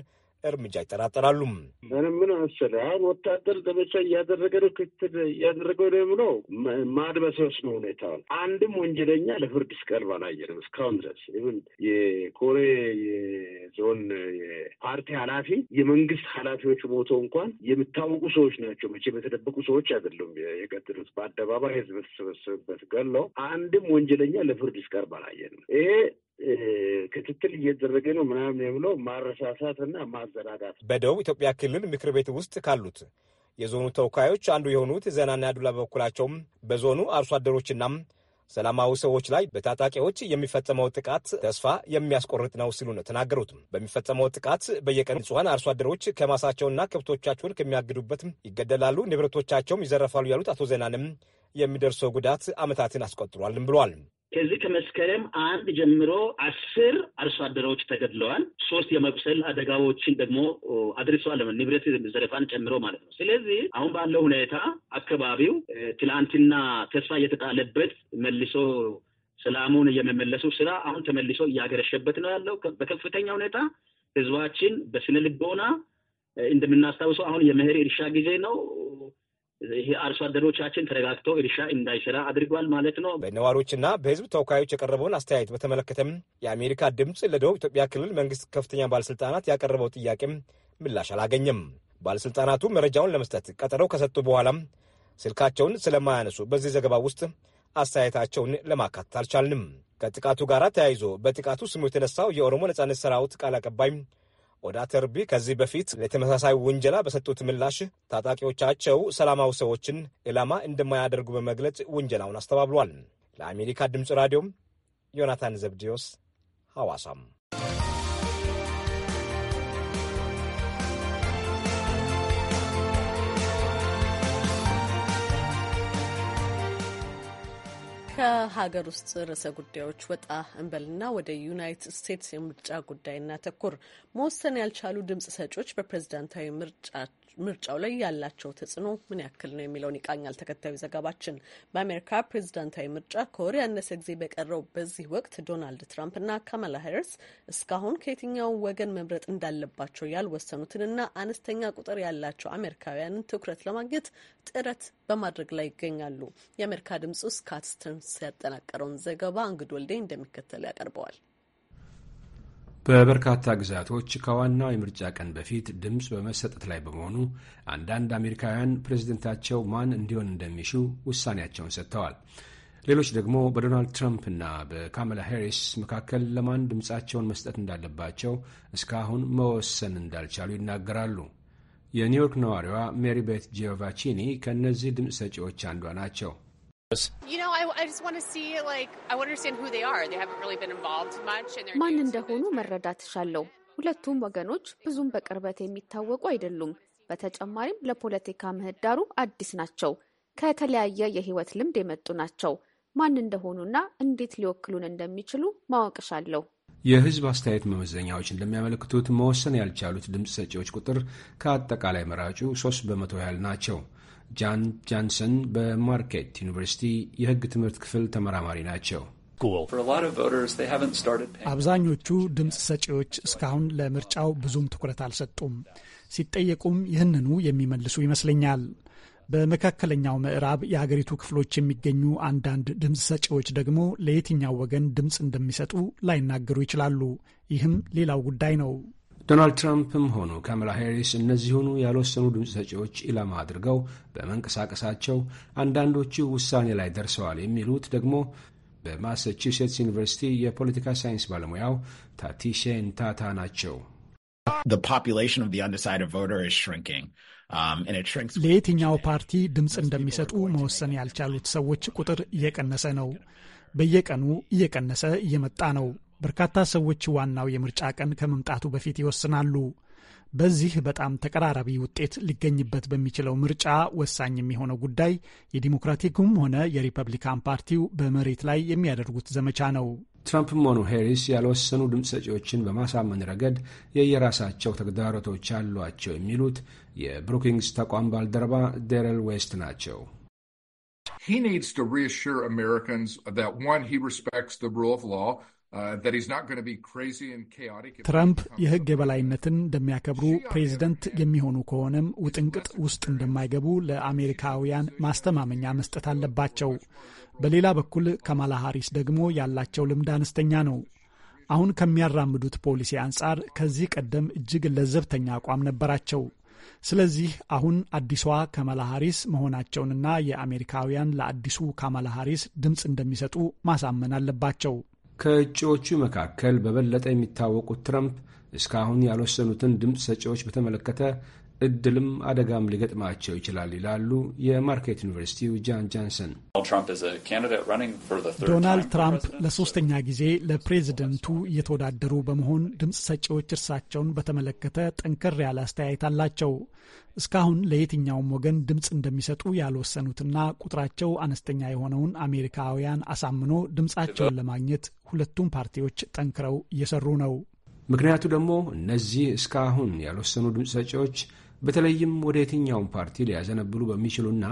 እርምጃ ይጠራጠራሉም። ምንም ምን መሰለህ አሁን ወታደር ዘመቻ እያደረገ ነው ክትል እያደረገው ነው የምለው ማድበስበስ ነው ሁኔታውን። አንድም ወንጀለኛ ለፍርድ ሲቀርብ አላየንም እስካሁን ድረስ። ይሁን የኮሬ የሚሆን ፓርቲ ኃላፊ የመንግስት ኃላፊዎች ሞቶ እንኳን የሚታወቁ ሰዎች ናቸው። መቼም የተደበቁ ሰዎች አይደሉም የገደሉት። በአደባባይ ህዝብ ተሰበሰበበት ገለው አንድም ወንጀለኛ ለፍርድ ሲቀርብ አላየንም። ይሄ ክትትል እየተደረገ ነው ምናምን የምለው ማረሳሳትና ማዘናጋት። በደቡብ ኢትዮጵያ ክልል ምክር ቤት ውስጥ ካሉት የዞኑ ተወካዮች አንዱ የሆኑት ዘናና ያዱላ በበኩላቸውም በዞኑ አርሶ አደሮችና ሰላማዊ ሰዎች ላይ በታጣቂዎች የሚፈጸመው ጥቃት ተስፋ የሚያስቆርጥ ነው ሲሉ ነው ተናገሩት። በሚፈጸመው ጥቃት በየቀን ንጹሐን አርሶ አደሮች ከማሳቸውና ከብቶቻቸውን ከሚያግዱበትም ይገደላሉ፣ ንብረቶቻቸውም ይዘረፋሉ ያሉት አቶ ዘናንም የሚደርሰው ጉዳት ዓመታትን አስቆጥሯልም ብሏል። ከዚህ ከመስከረም አንድ ጀምሮ አስር አርሶ አደሮች ተገድለዋል። ሶስት የመቁሰል አደጋዎችን ደግሞ አድርሰዋል። ንብረት ዘረፋን ጨምሮ ማለት ነው። ስለዚህ አሁን ባለው ሁኔታ አካባቢው ትላንትና ተስፋ እየተጣለበት መልሶ ሰላሙን እየመመለሱ ስራ አሁን ተመልሶ እያገረሸበት ነው ያለው በከፍተኛ ሁኔታ ህዝባችን በስነ ልቦና እንደምናስታውሰው አሁን የመኸር እርሻ ጊዜ ነው። ይሄ አርሶ አደሮቻችን ተረጋግተው እርሻ እንዳይሰራ አድርጓል ማለት ነው። በነዋሪዎችና በህዝብ ተወካዮች የቀረበውን አስተያየት በተመለከተም የአሜሪካ ድምፅ ለደቡብ ኢትዮጵያ ክልል መንግስት ከፍተኛ ባለስልጣናት ያቀረበው ጥያቄም ምላሽ አላገኘም። ባለስልጣናቱ መረጃውን ለመስጠት ቀጠረው ከሰጡ በኋላም ስልካቸውን ስለማያነሱ በዚህ ዘገባ ውስጥ አስተያየታቸውን ለማካተት አልቻልንም። ከጥቃቱ ጋር ተያይዞ በጥቃቱ ስሙ የተነሳው የኦሮሞ ነጻነት ሰራዊት ቃል አቀባይ ኦዳ ተርቢ ከዚህ በፊት ለተመሳሳይ ውንጀላ በሰጡት ምላሽ ታጣቂዎቻቸው ሰላማዊ ሰዎችን ኢላማ እንደማያደርጉ በመግለጽ ውንጀላውን አስተባብሏል። ለአሜሪካ ድምፅ ራዲዮም ዮናታን ዘብዲዮስ ሐዋሳም ከሀገር ውስጥ ርዕሰ ጉዳዮች ወጣ እንበልና ወደ ዩናይትድ ስቴትስ የምርጫ ጉዳይ እናተኩር። መወሰን ያልቻሉ ድምጽ ሰጮች በፕሬዝዳንታዊ ምርጫ ምርጫው ላይ ያላቸው ተጽዕኖ ምን ያክል ነው የሚለውን ይቃኛል ተከታዩ ዘገባችን። በአሜሪካ ፕሬዚዳንታዊ ምርጫ ከወር ያነሰ ጊዜ በቀረው በዚህ ወቅት ዶናልድ ትራምፕ እና ካማላ ሀሪስ እስካሁን ከየትኛው ወገን መምረጥ እንዳለባቸው ያልወሰኑትንና አነስተኛ ቁጥር ያላቸው አሜሪካውያንን ትኩረት ለማግኘት ጥረት በማድረግ ላይ ይገኛሉ። የአሜሪካ ድምጽ ውስጥ ካትስተርንስ ያጠናቀረውን ዘገባ እንግድ ወልዴ እንደሚከተለው ያቀርበዋል። በበርካታ ግዛቶች ከዋናው የምርጫ ቀን በፊት ድምፅ በመሰጠት ላይ በመሆኑ አንዳንድ አሜሪካውያን ፕሬዝደንታቸው ማን እንዲሆን እንደሚሹ ውሳኔያቸውን ሰጥተዋል። ሌሎች ደግሞ በዶናልድ ትራምፕ እና በካመላ ሄሪስ መካከል ለማን ድምፃቸውን መስጠት እንዳለባቸው እስካሁን መወሰን እንዳልቻሉ ይናገራሉ። የኒውዮርክ ነዋሪዋ ሜሪ ቤት ጂዮቫቺኒ ከእነዚህ ድምፅ ሰጪዎች አንዷ ናቸው። ማን እንደሆኑ መረዳት ሻለው። ሁለቱም ወገኖች ብዙም በቅርበት የሚታወቁ አይደሉም። በተጨማሪም ለፖለቲካ ምህዳሩ አዲስ ናቸው። ከተለያየ የህይወት ልምድ የመጡ ናቸው። ማን እንደሆኑና እንዴት ሊወክሉን እንደሚችሉ ማወቅ ሻለሁ። የህዝብ አስተያየት መመዘኛዎች እንደሚያመለክቱት መወሰን ያልቻሉት ድምፅ ሰጪዎች ቁጥር ከአጠቃላይ መራጩ ሶስት በመቶ ያህል ናቸው። ጃን ጃንሰን በማርኬት ዩኒቨርሲቲ የሕግ ትምህርት ክፍል ተመራማሪ ናቸው። አብዛኞቹ ድምፅ ሰጪዎች እስካሁን ለምርጫው ብዙም ትኩረት አልሰጡም። ሲጠየቁም ይህንኑ የሚመልሱ ይመስለኛል። በመካከለኛው ምዕራብ የሀገሪቱ ክፍሎች የሚገኙ አንዳንድ ድምፅ ሰጪዎች ደግሞ ለየትኛው ወገን ድምፅ እንደሚሰጡ ላይናገሩ ይችላሉ። ይህም ሌላው ጉዳይ ነው። ዶናልድ ትራምፕም ሆኑ ካማላ ሄሪስ እነዚሁኑ ያልወሰኑ ድምፅ ሰጪዎች ኢላማ አድርገው በመንቀሳቀሳቸው አንዳንዶቹ ውሳኔ ላይ ደርሰዋል የሚሉት ደግሞ በማሳቹሴትስ ዩኒቨርሲቲ የፖለቲካ ሳይንስ ባለሙያው ታቲሼ ንታታ ናቸው። um, ለየትኛው ፓርቲ ድምፅ እንደሚሰጡ መወሰን ያልቻሉት ሰዎች ቁጥር እየቀነሰ ነው። በየቀኑ እየቀነሰ እየመጣ ነው። በርካታ ሰዎች ዋናው የምርጫ ቀን ከመምጣቱ በፊት ይወስናሉ። በዚህ በጣም ተቀራራቢ ውጤት ሊገኝበት በሚችለው ምርጫ ወሳኝ የሚሆነው ጉዳይ የዲሞክራቲኩም ሆነ የሪፐብሊካን ፓርቲው በመሬት ላይ የሚያደርጉት ዘመቻ ነው። ትራምፕም ሆኑ ሄሪስ ያልወሰኑ ድምፅ ሰጪዎችን በማሳመን ረገድ የየራሳቸው ተግዳሮቶች አሏቸው የሚሉት የብሩኪንግስ ተቋም ባልደረባ ደረል ዌስት ናቸው። He needs to reassure Americans that one, he respects the rule of law, Uh, ትራምፕ የሕግ የበላይነትን እንደሚያከብሩ ፕሬዚደንት የሚሆኑ ከሆነም ውጥንቅጥ ውስጥ እንደማይገቡ ለአሜሪካውያን ማስተማመኛ መስጠት አለባቸው። በሌላ በኩል ካማላ ሃሪስ ደግሞ ያላቸው ልምድ አነስተኛ ነው። አሁን ከሚያራምዱት ፖሊሲ አንጻር ከዚህ ቀደም እጅግ ለዘብተኛ አቋም ነበራቸው። ስለዚህ አሁን አዲሷ ካማላ ሃሪስ መሆናቸውንና የአሜሪካውያን ለአዲሱ ካማላ ሃሪስ ድምፅ እንደሚሰጡ ማሳመን አለባቸው። ከእጩዎቹ መካከል በበለጠ የሚታወቁት ትረምፕ እስካሁን ያልወሰኑትን ድምፅ ሰጪዎች በተመለከተ እድልም አደጋም ሊገጥማቸው ይችላል ይላሉ የማርኬት ዩኒቨርሲቲው ጃን ጃንሰን። ዶናልድ ትራምፕ ለሶስተኛ ጊዜ ለፕሬዚደንቱ እየተወዳደሩ በመሆን ድምፅ ሰጪዎች እርሳቸውን በተመለከተ ጠንከር ያለ አስተያየት አላቸው። እስካሁን ለየትኛውም ወገን ድምፅ እንደሚሰጡ ያልወሰኑትና ቁጥራቸው አነስተኛ የሆነውን አሜሪካውያን አሳምኖ ድምፃቸውን ለማግኘት ሁለቱም ፓርቲዎች ጠንክረው እየሰሩ ነው። ምክንያቱ ደግሞ እነዚህ እስካሁን ያልወሰኑ ድምፅ ሰጪዎች በተለይም ወደ የትኛውን ፓርቲ ሊያዘነብሉ በሚችሉና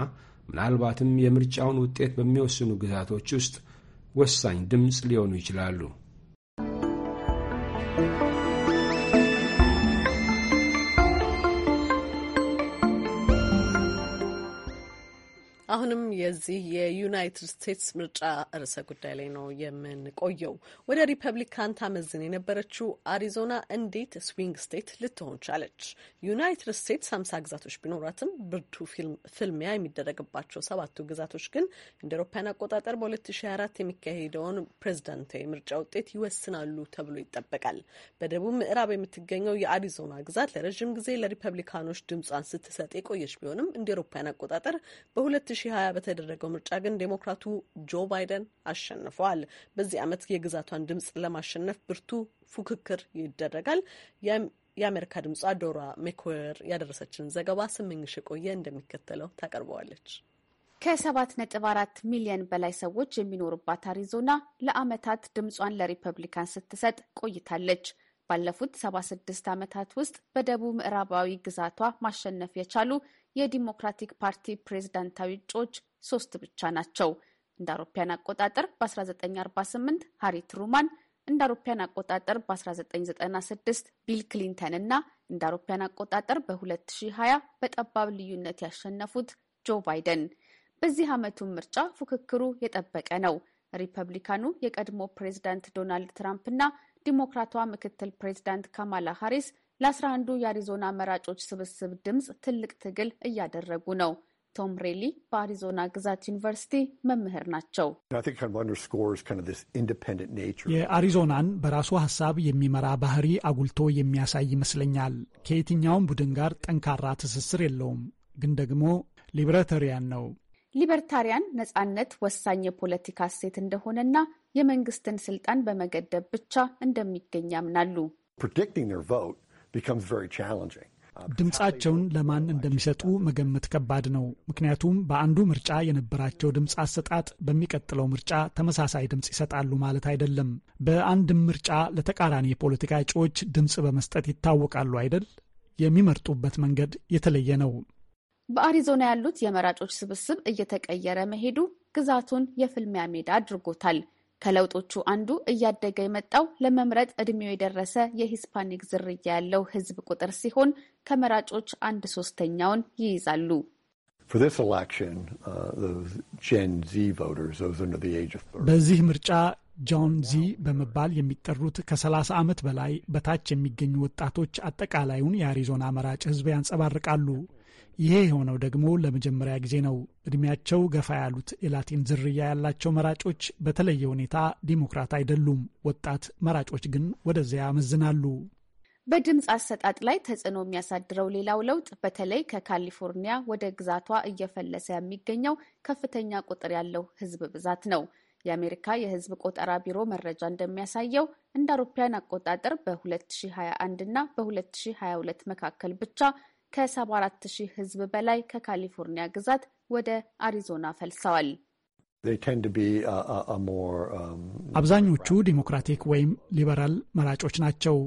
ምናልባትም የምርጫውን ውጤት በሚወስኑ ግዛቶች ውስጥ ወሳኝ ድምፅ ሊሆኑ ይችላሉ። አሁንም የዚህ የዩናይትድ ስቴትስ ምርጫ ርዕሰ ጉዳይ ላይ ነው የምንቆየው። ወደ ሪፐብሊካን ታመዝን የነበረችው አሪዞና እንዴት ስዊንግ ስቴት ልትሆን ቻለች? ዩናይትድ ስቴትስ ሀምሳ ግዛቶች ቢኖራትም ብርቱ ፍልሚያ የሚደረግባቸው ሰባቱ ግዛቶች ግን እንደ አውሮፓውያን አቆጣጠር በ2024 የሚካሄደውን ፕሬዝዳንታዊ ምርጫ ውጤት ይወስናሉ ተብሎ ይጠበቃል። በደቡብ ምዕራብ የምትገኘው የአሪዞና ግዛት ለረዥም ጊዜ ለሪፐብሊካኖች ድምጿን ስትሰጥ የቆየች ቢሆንም እንደ አውሮፓውያን አቆጣጠር በሁለት 2020 በተደረገው ምርጫ ግን ዴሞክራቱ ጆ ባይደን አሸንፈዋል። በዚህ ዓመት የግዛቷን ድምፅ ለማሸነፍ ብርቱ ፉክክር ይደረጋል። የአሜሪካ ድምጿ ዶራ ሜኮዌር ያደረሰችን ዘገባ ስምኝሽ ቆየ እንደሚከተለው ታቀርበዋለች። ከሰባት ነጥብ አራት ሚሊዮን በላይ ሰዎች የሚኖሩባት አሪዞና ለአመታት ድምጿን ለሪፐብሊካን ስትሰጥ ቆይታለች። ባለፉት ሰባ ስድስት ዓመታት ውስጥ በደቡብ ምዕራባዊ ግዛቷ ማሸነፍ የቻሉ የዲሞክራቲክ ፓርቲ ፕሬዝዳንታዊ እጩዎች ሶስት ብቻ ናቸው። እንደ አውሮፓያን አቆጣጠር በ1948 ሃሪ ትሩማን፣ እንደ አውሮፓያን አቆጣጠር በ1996 ቢል ክሊንተን እና እንደ አውሮፓያን አቆጣጠር በ2020 በጠባብ ልዩነት ያሸነፉት ጆ ባይደን። በዚህ ዓመቱ ምርጫ ፉክክሩ የጠበቀ ነው። ሪፐብሊካኑ የቀድሞ ፕሬዝዳንት ዶናልድ ትራምፕ እና ዲሞክራቷ ምክትል ፕሬዝዳንት ካማላ ሃሪስ ለአስራ አንዱ የአሪዞና መራጮች ስብስብ ድምፅ ትልቅ ትግል እያደረጉ ነው። ቶም ሬሊ በአሪዞና ግዛት ዩኒቨርሲቲ መምህር ናቸው። የአሪዞናን በራሱ ሀሳብ የሚመራ ባህሪ አጉልቶ የሚያሳይ ይመስለኛል። ከየትኛውም ቡድን ጋር ጠንካራ ትስስር የለውም፣ ግን ደግሞ ሊበርታሪያን ነው። ሊበርታሪያን ነጻነት ወሳኝ የፖለቲካ እሴት እንደሆነና የመንግስትን ስልጣን በመገደብ ብቻ እንደሚገኝ ያምናሉ። becomes very challenging. Uh, ድምፃቸውን ለማን እንደሚሰጡ መገመት ከባድ ነው። ምክንያቱም በአንዱ ምርጫ የነበራቸው ድምፅ አሰጣጥ በሚቀጥለው ምርጫ ተመሳሳይ ድምፅ ይሰጣሉ ማለት አይደለም። በአንድም ምርጫ ለተቃራኒ የፖለቲካ እጩዎች ድምፅ በመስጠት ይታወቃሉ አይደል? የሚመርጡበት መንገድ የተለየ ነው። በአሪዞና ያሉት የመራጮች ስብስብ እየተቀየረ መሄዱ ግዛቱን የፍልሚያ ሜዳ አድርጎታል። ከለውጦቹ አንዱ እያደገ የመጣው ለመምረጥ እድሜው የደረሰ የሂስፓኒክ ዝርያ ያለው ሕዝብ ቁጥር ሲሆን ከመራጮች አንድ ሶስተኛውን ይይዛሉ። uh, በዚህ ምርጫ ጆን ዚ በመባል የሚጠሩት ከ30 ዓመት በላይ በታች የሚገኙ ወጣቶች አጠቃላዩን የአሪዞና መራጭ ሕዝብ ያንጸባርቃሉ። ይሄ የሆነው ደግሞ ለመጀመሪያ ጊዜ ነው። እድሜያቸው ገፋ ያሉት የላቲን ዝርያ ያላቸው መራጮች በተለየ ሁኔታ ዲሞክራት አይደሉም። ወጣት መራጮች ግን ወደዚያ ያመዝናሉ። በድምፅ አሰጣጥ ላይ ተጽዕኖ የሚያሳድረው ሌላው ለውጥ በተለይ ከካሊፎርኒያ ወደ ግዛቷ እየፈለሰ የሚገኘው ከፍተኛ ቁጥር ያለው ሕዝብ ብዛት ነው። የአሜሪካ የሕዝብ ቆጠራ ቢሮ መረጃ እንደሚያሳየው እንደ አውሮፓውያን አቆጣጠር በ2021 እና በ2022 መካከል ብቻ ከ74 ሺህ በላይ ከካሊፎርኒያ ግዛት ወደ አሪዞና ፈልሰዋል። um, አብዛኞቹ ዲሞክራቲክ ወይም ሊበራል መራጮች ናቸው።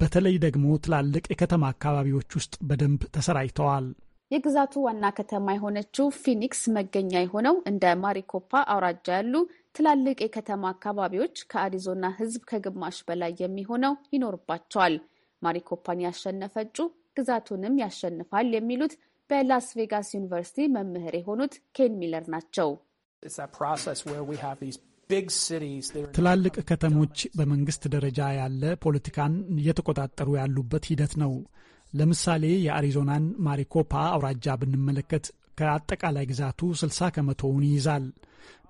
በተለይ ደግሞ ትላልቅ የከተማ አካባቢዎች ውስጥ በደንብ ተሰራጭተዋል። የግዛቱ ዋና ከተማ የሆነችው ፊኒክስ መገኛ የሆነው እንደ ማሪኮፓ አውራጃ ያሉ ትላልቅ የከተማ አካባቢዎች ከአሪዞና ሕዝብ ከግማሽ በላይ የሚሆነው ይኖርባቸዋል። ማሪኮፓን ያሸነፈችው ግዛቱንም ያሸንፋል የሚሉት በላስ ቬጋስ ዩኒቨርሲቲ መምህር የሆኑት ኬን ሚለር ናቸው። ትላልቅ ከተሞች በመንግስት ደረጃ ያለ ፖለቲካን እየተቆጣጠሩ ያሉበት ሂደት ነው። ለምሳሌ የአሪዞናን ማሪኮፓ አውራጃ ብንመለከት ከአጠቃላይ ግዛቱ 60 ከመቶውን ይይዛል።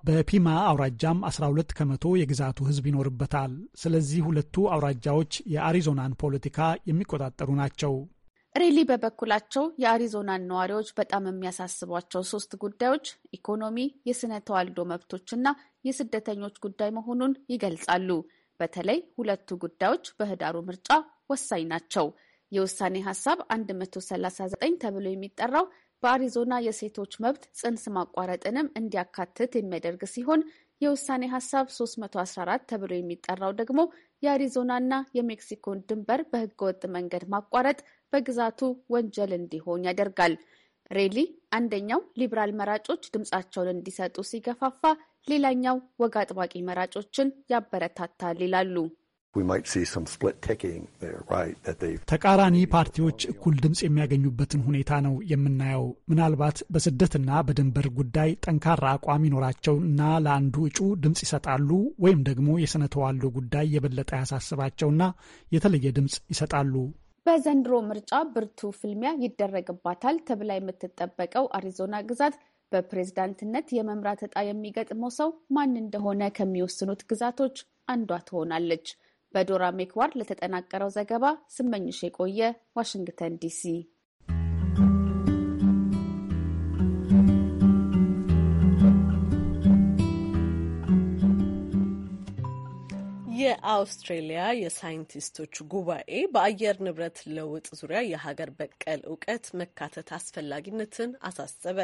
በፒማ አውራጃም 12 ከመቶ የግዛቱ ህዝብ ይኖርበታል። ስለዚህ ሁለቱ አውራጃዎች የአሪዞናን ፖለቲካ የሚቆጣጠሩ ናቸው። ሬሊ በበኩላቸው የአሪዞናን ነዋሪዎች በጣም የሚያሳስቧቸው ሶስት ጉዳዮች ኢኮኖሚ፣ የስነ ተዋልዶ መብቶችና የስደተኞች ጉዳይ መሆኑን ይገልጻሉ። በተለይ ሁለቱ ጉዳዮች በህዳሩ ምርጫ ወሳኝ ናቸው። የውሳኔ ሀሳብ 139 ተብሎ የሚጠራው በአሪዞና የሴቶች መብት ጽንስ ማቋረጥንም እንዲያካትት የሚያደርግ ሲሆን የውሳኔ ሀሳብ 314 ተብሎ የሚጠራው ደግሞ የአሪዞናና የሜክሲኮን ድንበር በህገወጥ መንገድ ማቋረጥ በግዛቱ ወንጀል እንዲሆን ያደርጋል። ሬሊ አንደኛው ሊብራል መራጮች ድምጻቸውን እንዲሰጡ ሲገፋፋ፣ ሌላኛው ወግ አጥባቂ መራጮችን ያበረታታል ይላሉ። ተቃራኒ ፓርቲዎች እኩል ድምፅ የሚያገኙበትን ሁኔታ ነው የምናየው። ምናልባት በስደትና በድንበር ጉዳይ ጠንካራ አቋም ይኖራቸው እና ለአንዱ እጩ ድምፅ ይሰጣሉ፣ ወይም ደግሞ የስነ ተዋልዶ ጉዳይ የበለጠ ያሳስባቸውና የተለየ ድምፅ ይሰጣሉ። በዘንድሮ ምርጫ ብርቱ ፍልሚያ ይደረግባታል ተብላ የምትጠበቀው አሪዞና ግዛት በፕሬዝዳንትነት የመምራት ዕጣ የሚገጥመው ሰው ማን እንደሆነ ከሚወስኑት ግዛቶች አንዷ ትሆናለች። በዶራ ሜክዋር ለተጠናቀረው ዘገባ ስመኝሽ የቆየ ዋሽንግተን ዲሲ። የአውስትሬሊያ የሳይንቲስቶች ጉባኤ በአየር ንብረት ለውጥ ዙሪያ የሀገር በቀል እውቀት መካተት አስፈላጊነትን አሳሰበ።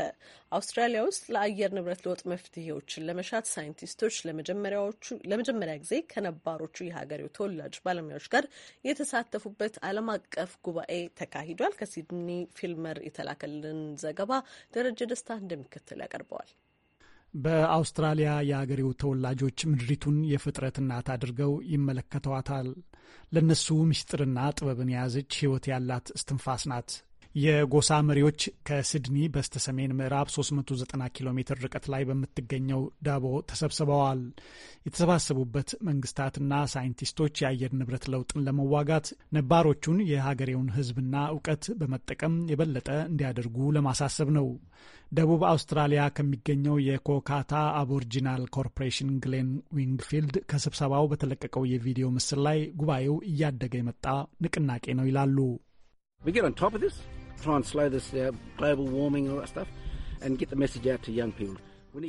አውስትራሊያ ውስጥ ለአየር ንብረት ለውጥ መፍትሄዎችን ለመሻት ሳይንቲስቶች ለመጀመሪያ ጊዜ ከነባሮቹ የሀገሬው ተወላጅ ባለሙያዎች ጋር የተሳተፉበት ዓለም አቀፍ ጉባኤ ተካሂዷል። ከሲድኒ ፊልመር የተላከልን ዘገባ ደረጀ ደስታ እንደሚከተል ያቀርበዋል። በአውስትራሊያ የአገሬው ተወላጆች ምድሪቱን የፍጥረት እናት አድርገው ይመለከተዋታል። ለእነሱ ምስጢርና ጥበብን የያዘች ሕይወት ያላት እስትንፋስ ናት። የጎሳ መሪዎች ከሲድኒ በስተ ሰሜን ምዕራብ 390 ኪሎ ሜትር ርቀት ላይ በምትገኘው ዳቦ ተሰብስበዋል። የተሰባሰቡበት መንግስታትና ሳይንቲስቶች የአየር ንብረት ለውጥን ለመዋጋት ነባሮቹን የሀገሬውን ህዝብና እውቀት በመጠቀም የበለጠ እንዲያደርጉ ለማሳሰብ ነው። ደቡብ አውስትራሊያ ከሚገኘው የኮካታ አቦርጂናል ኮርፖሬሽን ግሌን ዊንግፊልድ ከስብሰባው በተለቀቀው የቪዲዮ ምስል ላይ ጉባኤው እያደገ የመጣ ንቅናቄ ነው ይላሉ።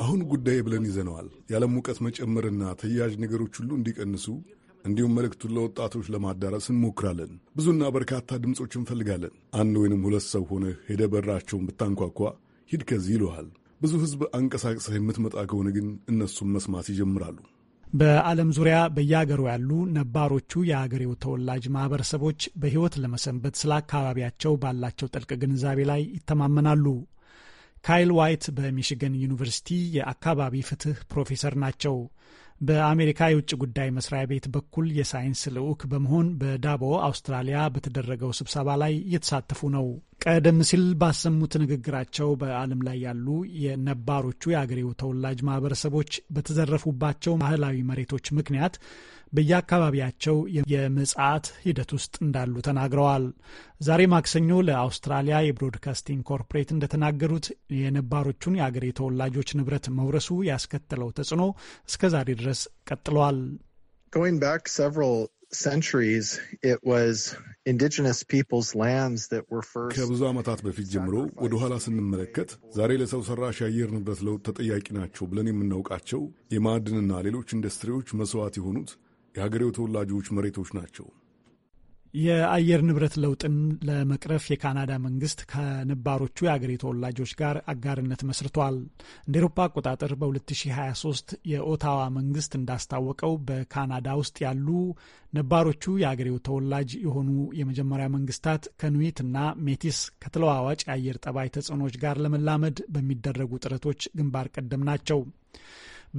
አሁን ጉዳይ ብለን ይዘነዋል። የዓለም ሙቀት መጨመርና ተያያዥ ነገሮች ሁሉ እንዲቀንሱ እንዲሁም መልእክቱን ለወጣቶች ለማዳረስ እንሞክራለን። ብዙና በርካታ ድምፆች እንፈልጋለን። አንድ ወይንም ሁለት ሰው ሆነህ ሄደ በራቸውን ብታንኳኳ ሂድ ከዚህ ይለሃል። ብዙ ህዝብ አንቀሳቅሰህ የምትመጣ ከሆነ ግን እነሱም መስማት ይጀምራሉ። በዓለም ዙሪያ በየአገሩ ያሉ ነባሮቹ የአገሬው ተወላጅ ማህበረሰቦች በህይወት ለመሰንበት ስለ አካባቢያቸው ባላቸው ጥልቅ ግንዛቤ ላይ ይተማመናሉ። ካይል ዋይት በሚሽገን ዩኒቨርሲቲ የአካባቢ ፍትህ ፕሮፌሰር ናቸው። በአሜሪካ የውጭ ጉዳይ መስሪያ ቤት በኩል የሳይንስ ልዑክ በመሆን በዳቦ አውስትራሊያ በተደረገው ስብሰባ ላይ እየተሳተፉ ነው። ቀደም ሲል ባሰሙት ንግግራቸው በዓለም ላይ ያሉ የነባሮቹ የአገሬው ተወላጅ ማህበረሰቦች በተዘረፉባቸው ባህላዊ መሬቶች ምክንያት በየአካባቢያቸው የምጽዓት ሂደት ውስጥ እንዳሉ ተናግረዋል። ዛሬ ማክሰኞ ለአውስትራሊያ የብሮድካስቲንግ ኮርፖሬት እንደተናገሩት የነባሮቹን የአገር ተወላጆች ንብረት መውረሱ ያስከተለው ተጽዕኖ እስከ ዛሬ ድረስ ቀጥሏል። ከብዙ ዓመታት በፊት ጀምሮ ወደ ኋላ ስንመለከት ዛሬ ለሰው ሰራሽ የአየር ንብረት ለውጥ ተጠያቂ ናቸው ብለን የምናውቃቸው የማዕድንና ሌሎች ኢንዱስትሪዎች መስዋዕት የሆኑት የሀገሬው ተወላጆች መሬቶች ናቸው። የአየር ንብረት ለውጥን ለመቅረፍ የካናዳ መንግስት ከነባሮቹ የአገሬ ተወላጆች ጋር አጋርነት መስርቷል። እንደ ኤሮፓ አቆጣጠር በ2023 የኦታዋ መንግስት እንዳስታወቀው በካናዳ ውስጥ ያሉ ነባሮቹ የአገሬው ተወላጅ የሆኑ የመጀመሪያ መንግስታት ከኑዊትና ሜቲስ ከተለዋዋጭ የአየር ጠባይ ተጽዕኖች ጋር ለመላመድ በሚደረጉ ጥረቶች ግንባር ቀደም ናቸው።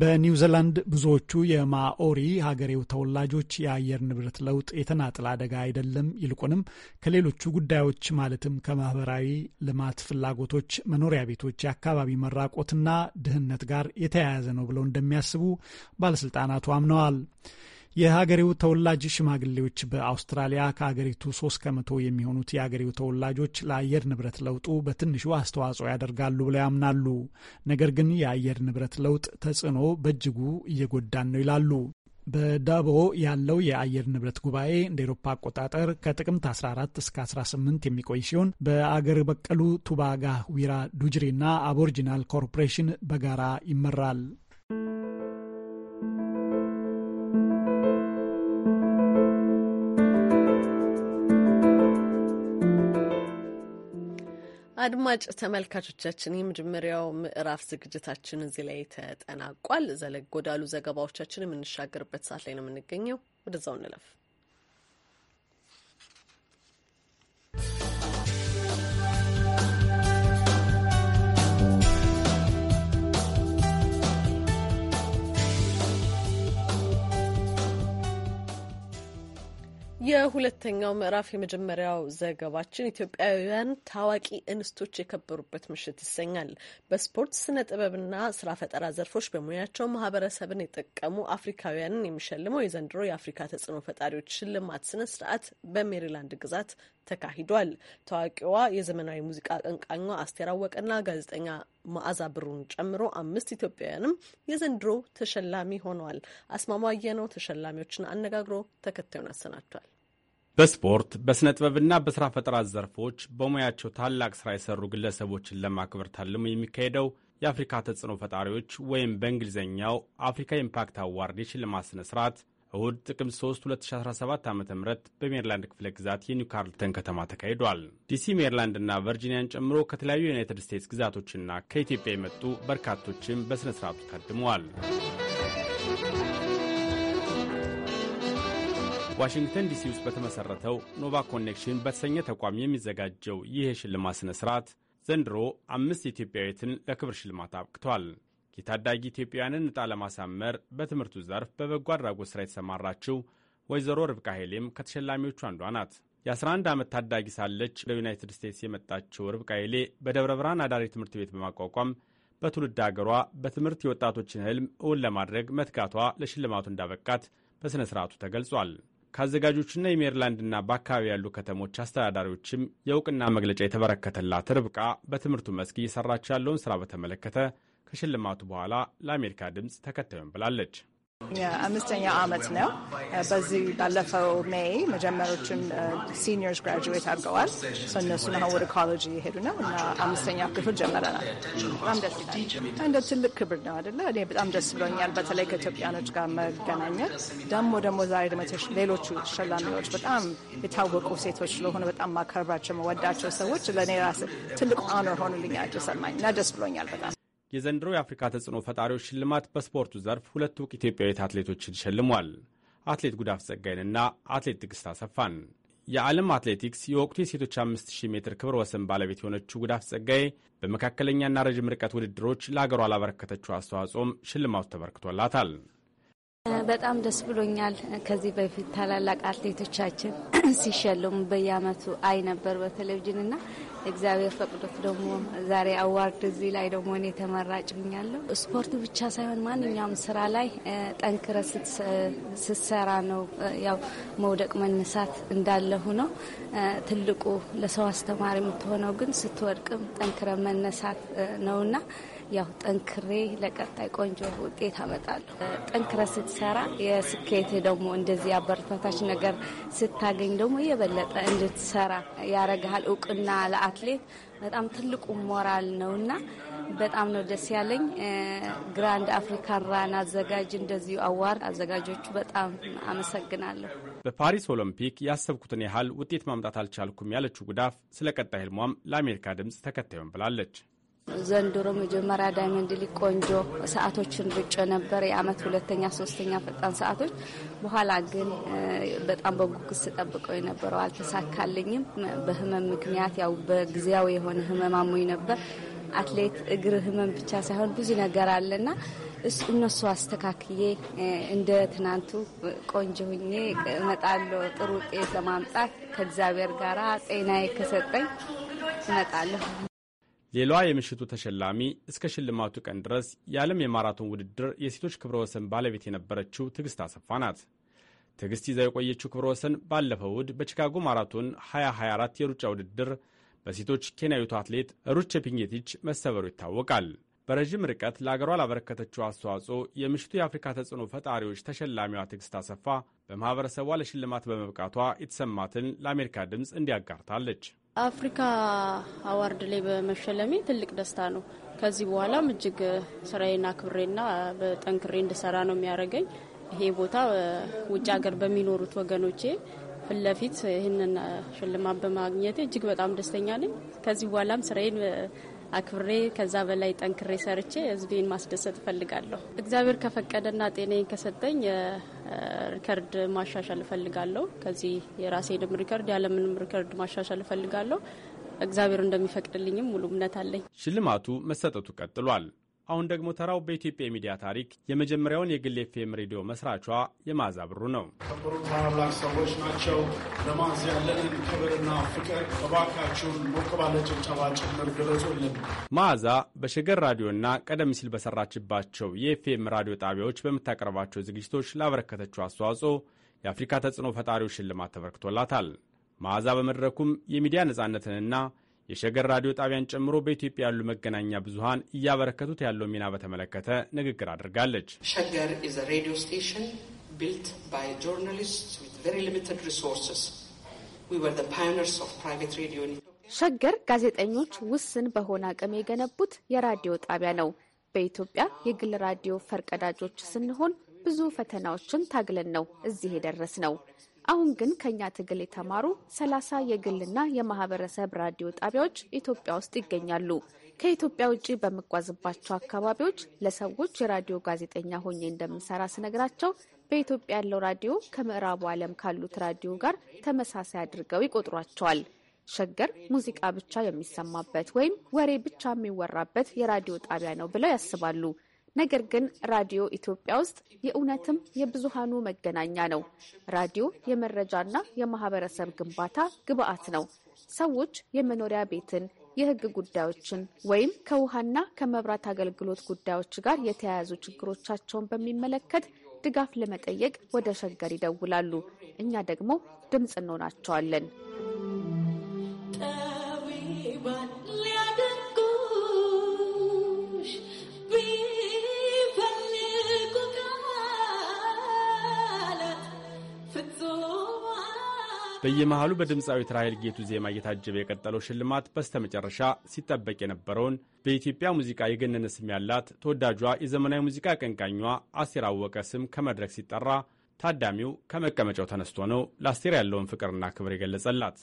በኒውዚላንድ ብዙዎቹ የማኦሪ ሀገሬው ተወላጆች የአየር ንብረት ለውጥ የተናጥል አደጋ አይደለም፣ ይልቁንም ከሌሎቹ ጉዳዮች ማለትም ከማህበራዊ ልማት ፍላጎቶች፣ መኖሪያ ቤቶች፣ የአካባቢ መራቆትና ድህነት ጋር የተያያዘ ነው ብለው እንደሚያስቡ ባለስልጣናቱ አምነዋል። የሀገሬው ተወላጅ ሽማግሌዎች በአውስትራሊያ ከሀገሪቱ ሶስት ከመቶ የሚሆኑት የሀገሬው ተወላጆች ለአየር ንብረት ለውጡ በትንሹ አስተዋጽኦ ያደርጋሉ ብለው ያምናሉ። ነገር ግን የአየር ንብረት ለውጥ ተጽዕኖ በእጅጉ እየጎዳን ነው ይላሉ። በዳቦ ያለው የአየር ንብረት ጉባኤ እንደ ኤሮፓ አቆጣጠር ከጥቅምት 14 እስከ 18 የሚቆይ ሲሆን በአገር በቀሉ ቱባጋ ዊራ ዱጅሪና አቦርጂናል ኮርፖሬሽን በጋራ ይመራል። አድማጭ ተመልካቾቻችን የመጀመሪያው ምዕራፍ ዝግጅታችን እዚህ ላይ ተጠናቋል። ዘለግ ወዳሉ ዘገባዎቻችን የምንሻገርበት ሰዓት ላይ ነው የምንገኘው። ወደዛው እንለፍ። የሁለተኛው ምዕራፍ የመጀመሪያው ዘገባችን ኢትዮጵያውያን ታዋቂ እንስቶች የከበሩበት ምሽት ይሰኛል። በስፖርት ስነ ጥበብና ስራ ፈጠራ ዘርፎች በሙያቸው ማህበረሰብን የጠቀሙ አፍሪካውያንን የሚሸልመው የዘንድሮ የአፍሪካ ተጽዕኖ ፈጣሪዎች ሽልማት ስነ ስርዓት በሜሪላንድ ግዛት ተካሂዷል። ታዋቂዋ የዘመናዊ ሙዚቃ አቀንቃኟ አስቴር አወቀና ጋዜጠኛ መዓዛ ብሩን ጨምሮ አምስት ኢትዮጵያውያንም የዘንድሮ ተሸላሚ ሆነዋል። አስማማየ ነው ተሸላሚዎችን አነጋግሮ ተከታዩን አሰናድቷል። በስፖርት በሥነ ጥበብና በሥራ ፈጠራ ዘርፎች በሙያቸው ታላቅ ሥራ የሠሩ ግለሰቦችን ለማክበር ታልሞ የሚካሄደው የአፍሪካ ተጽዕኖ ፈጣሪዎች ወይም በእንግሊዝኛው አፍሪካ ኢምፓክት አዋርድ የሽልማት ሥነ ሥርዓት እሁድ ጥቅምት 3 2017 ዓ ም በሜሪላንድ ክፍለ ግዛት የኒው ካርልተን ከተማ ተካሂዷል። ዲሲ፣ ሜሪላንድና ቨርጂኒያን ጨምሮ ከተለያዩ ዩናይትድ ስቴትስ ግዛቶችና ከኢትዮጵያ የመጡ በርካቶችም በሥነ ሥርዓቱ ታድመዋል። ዋሽንግተን ዲሲ ውስጥ በተመሠረተው ኖቫ ኮኔክሽን በተሰኘ ተቋም የሚዘጋጀው ይህ የሽልማት ሥነ ሥርዓት ዘንድሮ አምስት ኢትዮጵያዊትን ለክብር ሽልማት አብቅቷል። የታዳጊ ኢትዮጵያውያንን ዕጣ ለማሳመር በትምህርቱ ዘርፍ በበጎ አድራጎት ሥራ የተሰማራችው ወይዘሮ ርብቃ ሄሌም ከተሸላሚዎቹ አንዷ ናት። የ11 ዓመት ታዳጊ ሳለች ዩናይትድ ስቴትስ የመጣችው ርብቃ ሄሌ በደብረ ብርሃን አዳሪ ትምህርት ቤት በማቋቋም በትውልድ አገሯ በትምህርት የወጣቶችን ህልም እውን ለማድረግ መትጋቷ ለሽልማቱ እንዳበቃት በሥነ ሥርዓቱ ተገልጿል። ከአዘጋጆችና የሜሪላንድና በአካባቢ ያሉ ከተሞች አስተዳዳሪዎችም የእውቅና መግለጫ የተበረከተላት ርብቃ በትምህርቱ መስክ እየሰራች ያለውን ስራ በተመለከተ ከሽልማቱ በኋላ ለአሜሪካ ድምፅ ተከታዩን ብላለች። የአምስተኛው አመት ነው። በዚህ ባለፈው ሜይ መጀመሪያዎቹን ሲኒየርስ ግራጁዌት አድርገዋል። እነሱን አሁን ወደ ኮሌጅ እየሄዱ ነው እና አምስተኛ ክፍል ጀመረናል። በጣም ደስ ይላል። እንደ ትልቅ ክብር ነው አደለ? እኔ በጣም ደስ ብሎኛል፣ በተለይ ከኢትዮጵያኖች ጋር መገናኘት። ደግሞ ደግሞ ዛሬ ደግሞ ሌሎቹ ሸላሚዎች በጣም የታወቁ ሴቶች ስለሆነ በጣም ማከብራቸው መወዳቸው ሰዎች ለእኔ ራስ ትልቅ ኦኖር ሆኑልኛል ተሰማኝ እና ደስ ብሎኛል በጣም የዘንድሮ የአፍሪካ ተጽዕኖ ፈጣሪዎች ሽልማት በስፖርቱ ዘርፍ ሁለት እውቅ ኢትዮጵያዊት አትሌቶችን ሸልሟል። አትሌት ጉዳፍ ጸጋይንና አትሌት ትግስት አሰፋን። የዓለም አትሌቲክስ የወቅቱ የሴቶች 5000 ሜትር ክብር ወሰን ባለቤት የሆነችው ጉዳፍ ጸጋይ በመካከለኛና ረዥም ርቀት ውድድሮች ለአገሯ ላበረከተችው አስተዋጽኦም ሽልማቱ ተበርክቶላታል። በጣም ደስ ብሎኛል። ከዚህ በፊት ታላላቅ አትሌቶቻችን ሲሸለሙ በየዓመቱ አይ ነበር በቴሌቪዥንና እግዚአብሔር ፈቅዶት ደግሞ ዛሬ አዋርድ እዚህ ላይ ደግሞ እኔ ተመራጭ ብኛለሁ። ስፖርት ብቻ ሳይሆን ማንኛውም ስራ ላይ ጠንክረ ስትሰራ ነው ያው መውደቅ መነሳት እንዳለ ሆኖ ትልቁ ለሰው አስተማሪ የምትሆነው ግን ስትወድቅም ጠንክረ መነሳት ነውና ያው ጠንክሬ ለቀጣይ ቆንጆ ውጤት አመጣለሁ። ጠንክረ ስትሰራ የስኬት ደግሞ እንደዚህ አበረታታች ነገር ስታገኝ ደግሞ የበለጠ እንድትሰራ ያረግሃል። እውቅና ለአትሌት በጣም ትልቁ ሞራል ነውና በጣም ነው ደስ ያለኝ። ግራንድ አፍሪካን ራን አዘጋጅ እንደዚሁ አዋር አዘጋጆቹ በጣም አመሰግናለሁ። በፓሪስ ኦሎምፒክ ያሰብኩትን ያህል ውጤት ማምጣት አልቻልኩም ያለችው ጉዳፍ ስለ ቀጣይ ህልሟም ለአሜሪካ ድምፅ ተከታዩን ብላለች። ዘንድሮ መጀመሪያ ዳይመንድ ሊግ ቆንጆ ሰዓቶችን ርጮ ነበር፣ የአመት ሁለተኛ ሶስተኛ ፈጣን ሰዓቶች። በኋላ ግን በጣም በጉጉት ስጠብቀው የነበረው አልተሳካልኝም። በህመም ምክንያት ያው በጊዜያዊ የሆነ ህመም አሞኝ ነበር። አትሌት እግር ህመም ብቻ ሳይሆን ብዙ ነገር አለና እነሱ አስተካክዬ እንደ ትናንቱ ቆንጆ ሁኜ እመጣለሁ። ጥሩ ውጤት ለማምጣት ከእግዚአብሔር ጋር ጤናዬ ከሰጠኝ እመጣለሁ። ሌላዋ የምሽቱ ተሸላሚ እስከ ሽልማቱ ቀን ድረስ የዓለም የማራቶን ውድድር የሴቶች ክብረ ወሰን ባለቤት የነበረችው ትዕግስት አሰፋ ናት። ትዕግስት ይዛው የቆየችው ክብረ ወሰን ባለፈው እሁድ በቺካጎ ማራቶን 2024 የሩጫ ውድድር በሴቶች ኬንያዊቱ አትሌት ሩቼ ቼፒንጌቲች መሰበሩ ይታወቃል። በረዥም ርቀት ለአገሯ ላበረከተችው አስተዋጽኦ የምሽቱ የአፍሪካ ተጽዕኖ ፈጣሪዎች ተሸላሚዋ ትዕግስት አሰፋ በማኅበረሰቧ ለሽልማት በመብቃቷ የተሰማትን ለአሜሪካ ድምፅ እንዲያጋርታለች። አፍሪካ አዋርድ ላይ በመሸለሜ ትልቅ ደስታ ነው። ከዚህ በኋላም እጅግ ስራዬን አክብሬና በጠንክሬ እንድሰራ ነው የሚያደርገኝ። ይሄ ቦታ ውጭ ሀገር በሚኖሩት ወገኖቼ ፊት ለፊት ይህንን ሽልማት በማግኘቴ እጅግ በጣም ደስተኛ ነኝ። ከዚህ በኋላም ስራዬን አክብሬ ከዛ በላይ ጠንክሬ ሰርቼ ህዝቤን ማስደሰት እፈልጋለሁ። እግዚአብሔር ከፈቀደና ጤናዬን ከሰጠኝ ሪከርድ ማሻሻል እፈልጋለሁ። ከዚህ የራሴንም ሪከርድ ያለምንም ሪከርድ ማሻሻል እፈልጋለሁ። እግዚአብሔር እንደሚፈቅድልኝም ሙሉ እምነት አለኝ። ሽልማቱ መሰጠቱ ቀጥሏል። አሁን ደግሞ ተራው በኢትዮጵያ የሚዲያ ታሪክ የመጀመሪያውን የግል ኤፍኤም ሬዲዮ መስራቿ የመዓዛ ብሩ ነው። ከበሩ ታላላቅ ሰዎች ናቸው። ለማዝ ያለንን ክብርና ፍቅር እባካችሁን ሞቅ ባለ ጭብጨባ ጭምር ግለጹልን። ማዛ በሸገር ራዲዮና ቀደም ሲል በሰራችባቸው የኤፍኤም ራዲዮ ጣቢያዎች በምታቀርባቸው ዝግጅቶች ላበረከተችው አስተዋጽኦ የአፍሪካ ተጽዕኖ ፈጣሪዎች ሽልማት ተበርክቶላታል። መዓዛ በመድረኩም የሚዲያ ነጻነትንና የሸገር ራዲዮ ጣቢያን ጨምሮ በኢትዮጵያ ያሉ መገናኛ ብዙሀን እያበረከቱት ያለው ሚና በተመለከተ ንግግር አድርጋለች። ሸገር ኢዝ አ ሬዲዮ ስቴሽን ቢልት ባይ ጆርናሊስትስ ዊዝ ቬሪ ሊሚትድ ሪሶርስስ ዊ ወር ዘ ፓዮኒርስ ኦፍ ፕራይቬት ሬዲዮ ሸገር ጋዜጠኞች ውስን በሆነ አቅም የገነቡት የራዲዮ ጣቢያ ነው። በኢትዮጵያ የግል ራዲዮ ፈርቀዳጆች ስንሆን ብዙ ፈተናዎችን ታግለን ነው እዚህ የደረስ ነው። አሁን ግን ከኛ ትግል የተማሩ ሰላሳ የግልና የማህበረሰብ ራዲዮ ጣቢያዎች ኢትዮጵያ ውስጥ ይገኛሉ። ከኢትዮጵያ ውጭ በምጓዝባቸው አካባቢዎች ለሰዎች የራዲዮ ጋዜጠኛ ሆኜ እንደምሰራ ስነግራቸው በኢትዮጵያ ያለው ራዲዮ ከምዕራቡ ዓለም ካሉት ራዲዮ ጋር ተመሳሳይ አድርገው ይቆጥሯቸዋል። ሸገር ሙዚቃ ብቻ የሚሰማበት ወይም ወሬ ብቻ የሚወራበት የራዲዮ ጣቢያ ነው ብለው ያስባሉ። ነገር ግን ራዲዮ ኢትዮጵያ ውስጥ የእውነትም የብዙሃኑ መገናኛ ነው። ራዲዮ የመረጃና የማህበረሰብ ግንባታ ግብአት ነው። ሰዎች የመኖሪያ ቤትን፣ የህግ ጉዳዮችን ወይም ከውሃና ከመብራት አገልግሎት ጉዳዮች ጋር የተያያዙ ችግሮቻቸውን በሚመለከት ድጋፍ ለመጠየቅ ወደ ሸገር ይደውላሉ። እኛ ደግሞ ድምፅ እንሆናቸዋለን። በየመሃሉ በድምፃዊት ትራይል ጌቱ ዜማ እየታጀበ የቀጠለው ሽልማት በስተመጨረሻ ሲጠበቅ የነበረውን በኢትዮጵያ ሙዚቃ የገነነ ስም ያላት ተወዳጇ የዘመናዊ ሙዚቃ አቀንቃኟ አስቴር አወቀ ስም ከመድረክ ሲጠራ ታዳሚው ከመቀመጫው ተነስቶ ነው ለአስቴር ያለውን ፍቅርና ክብር የገለጸላት።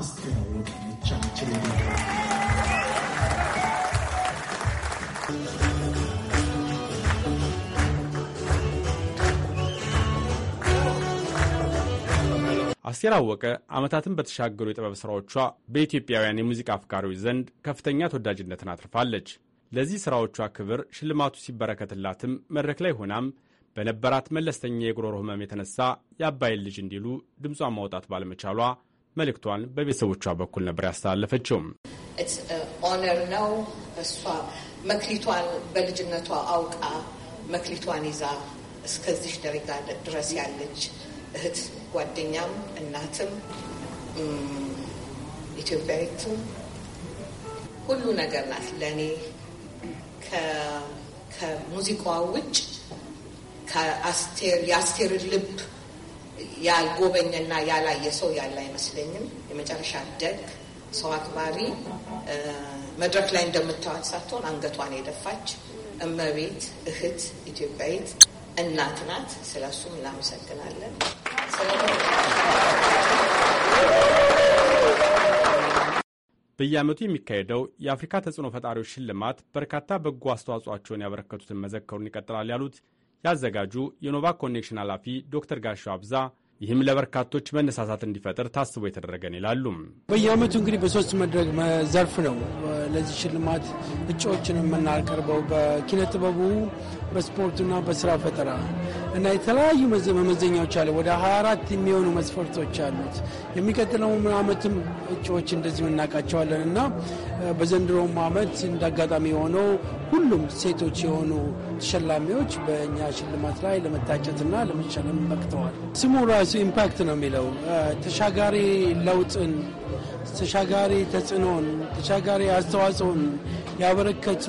አስቴር አወቀ አስቴር አወቀ ዓመታትን በተሻገሩ የጥበብ ሥራዎቿ በኢትዮጵያውያን የሙዚቃ አፍቃሪዎች ዘንድ ከፍተኛ ተወዳጅነትን አትርፋለች። ለዚህ ሥራዎቿ ክብር ሽልማቱ ሲበረከትላትም መድረክ ላይ ሆናም በነበራት መለስተኛ የጉሮሮ ሕመም የተነሳ የአባይን ልጅ እንዲሉ ድምጿን ማውጣት ባለመቻሏ መልእክቷን በቤተሰቦቿ በኩል ነበር ያስተላለፈችውም። ኦነር ነው። እሷ መክሊቷን በልጅነቷ አውቃ መክሊቷን ይዛ እስከዚህ ደረጃ ድረስ ያለች እህት ጓደኛም እናትም ኢትዮጵያዊትም ሁሉ ነገር ናት ለእኔ ከሙዚቃዋ ውጭ የአስቴር ልብ ያልጎበኘና ያላየ ሰው ያለ አይመስለኝም። የመጨረሻ ደግ ሰው አክባሪ፣ መድረክ ላይ እንደምታዋት ሳትሆን አንገቷን የደፋች እመቤት፣ እህት፣ ኢትዮጵያዊት እናት ናት። ስለ እሱም እናመሰግናለን። በየዓመቱ የሚካሄደው የአፍሪካ ተጽዕኖ ፈጣሪዎች ሽልማት በርካታ በጎ አስተዋጽኦቸውን ያበረከቱትን መዘከሩን ይቀጥላል ያሉት ያዘጋጁ የኖቫ ኮኔክሽን ኃላፊ ዶክተር ጋሻው አብዛ ይህም ለበርካቶች መነሳሳት እንዲፈጥር ታስቦ የተደረገን ይላሉ። በየዓመቱ እንግዲህ በሶስት መድረክ ዘርፍ ነው ለዚህ ሽልማት እጩዎችን የምናቀርበው በኪነ ጥበቡ፣ በስፖርቱና በስራ ፈጠራ እና የተለያዩ መመዘኛዎች አለ ወደ 24 የሚሆኑ መስፈርቶች አሉት። የሚቀጥለው አመትም እጩዎች እንደዚሁ እናውቃቸዋለን እና በዘንድሮውም አመት እንዳጋጣሚ የሆነው ሁሉም ሴቶች የሆኑ ተሸላሚዎች በእኛ ሽልማት ላይ ለመታጨትና ለመሸለም በቅተዋል። ስሙ ራሱ ኢምፓክት ነው የሚለው ተሻጋሪ ለውጥን ተሻጋሪ ተጽዕኖን ተሻጋሪ አስተዋጽኦን ያበረከቱ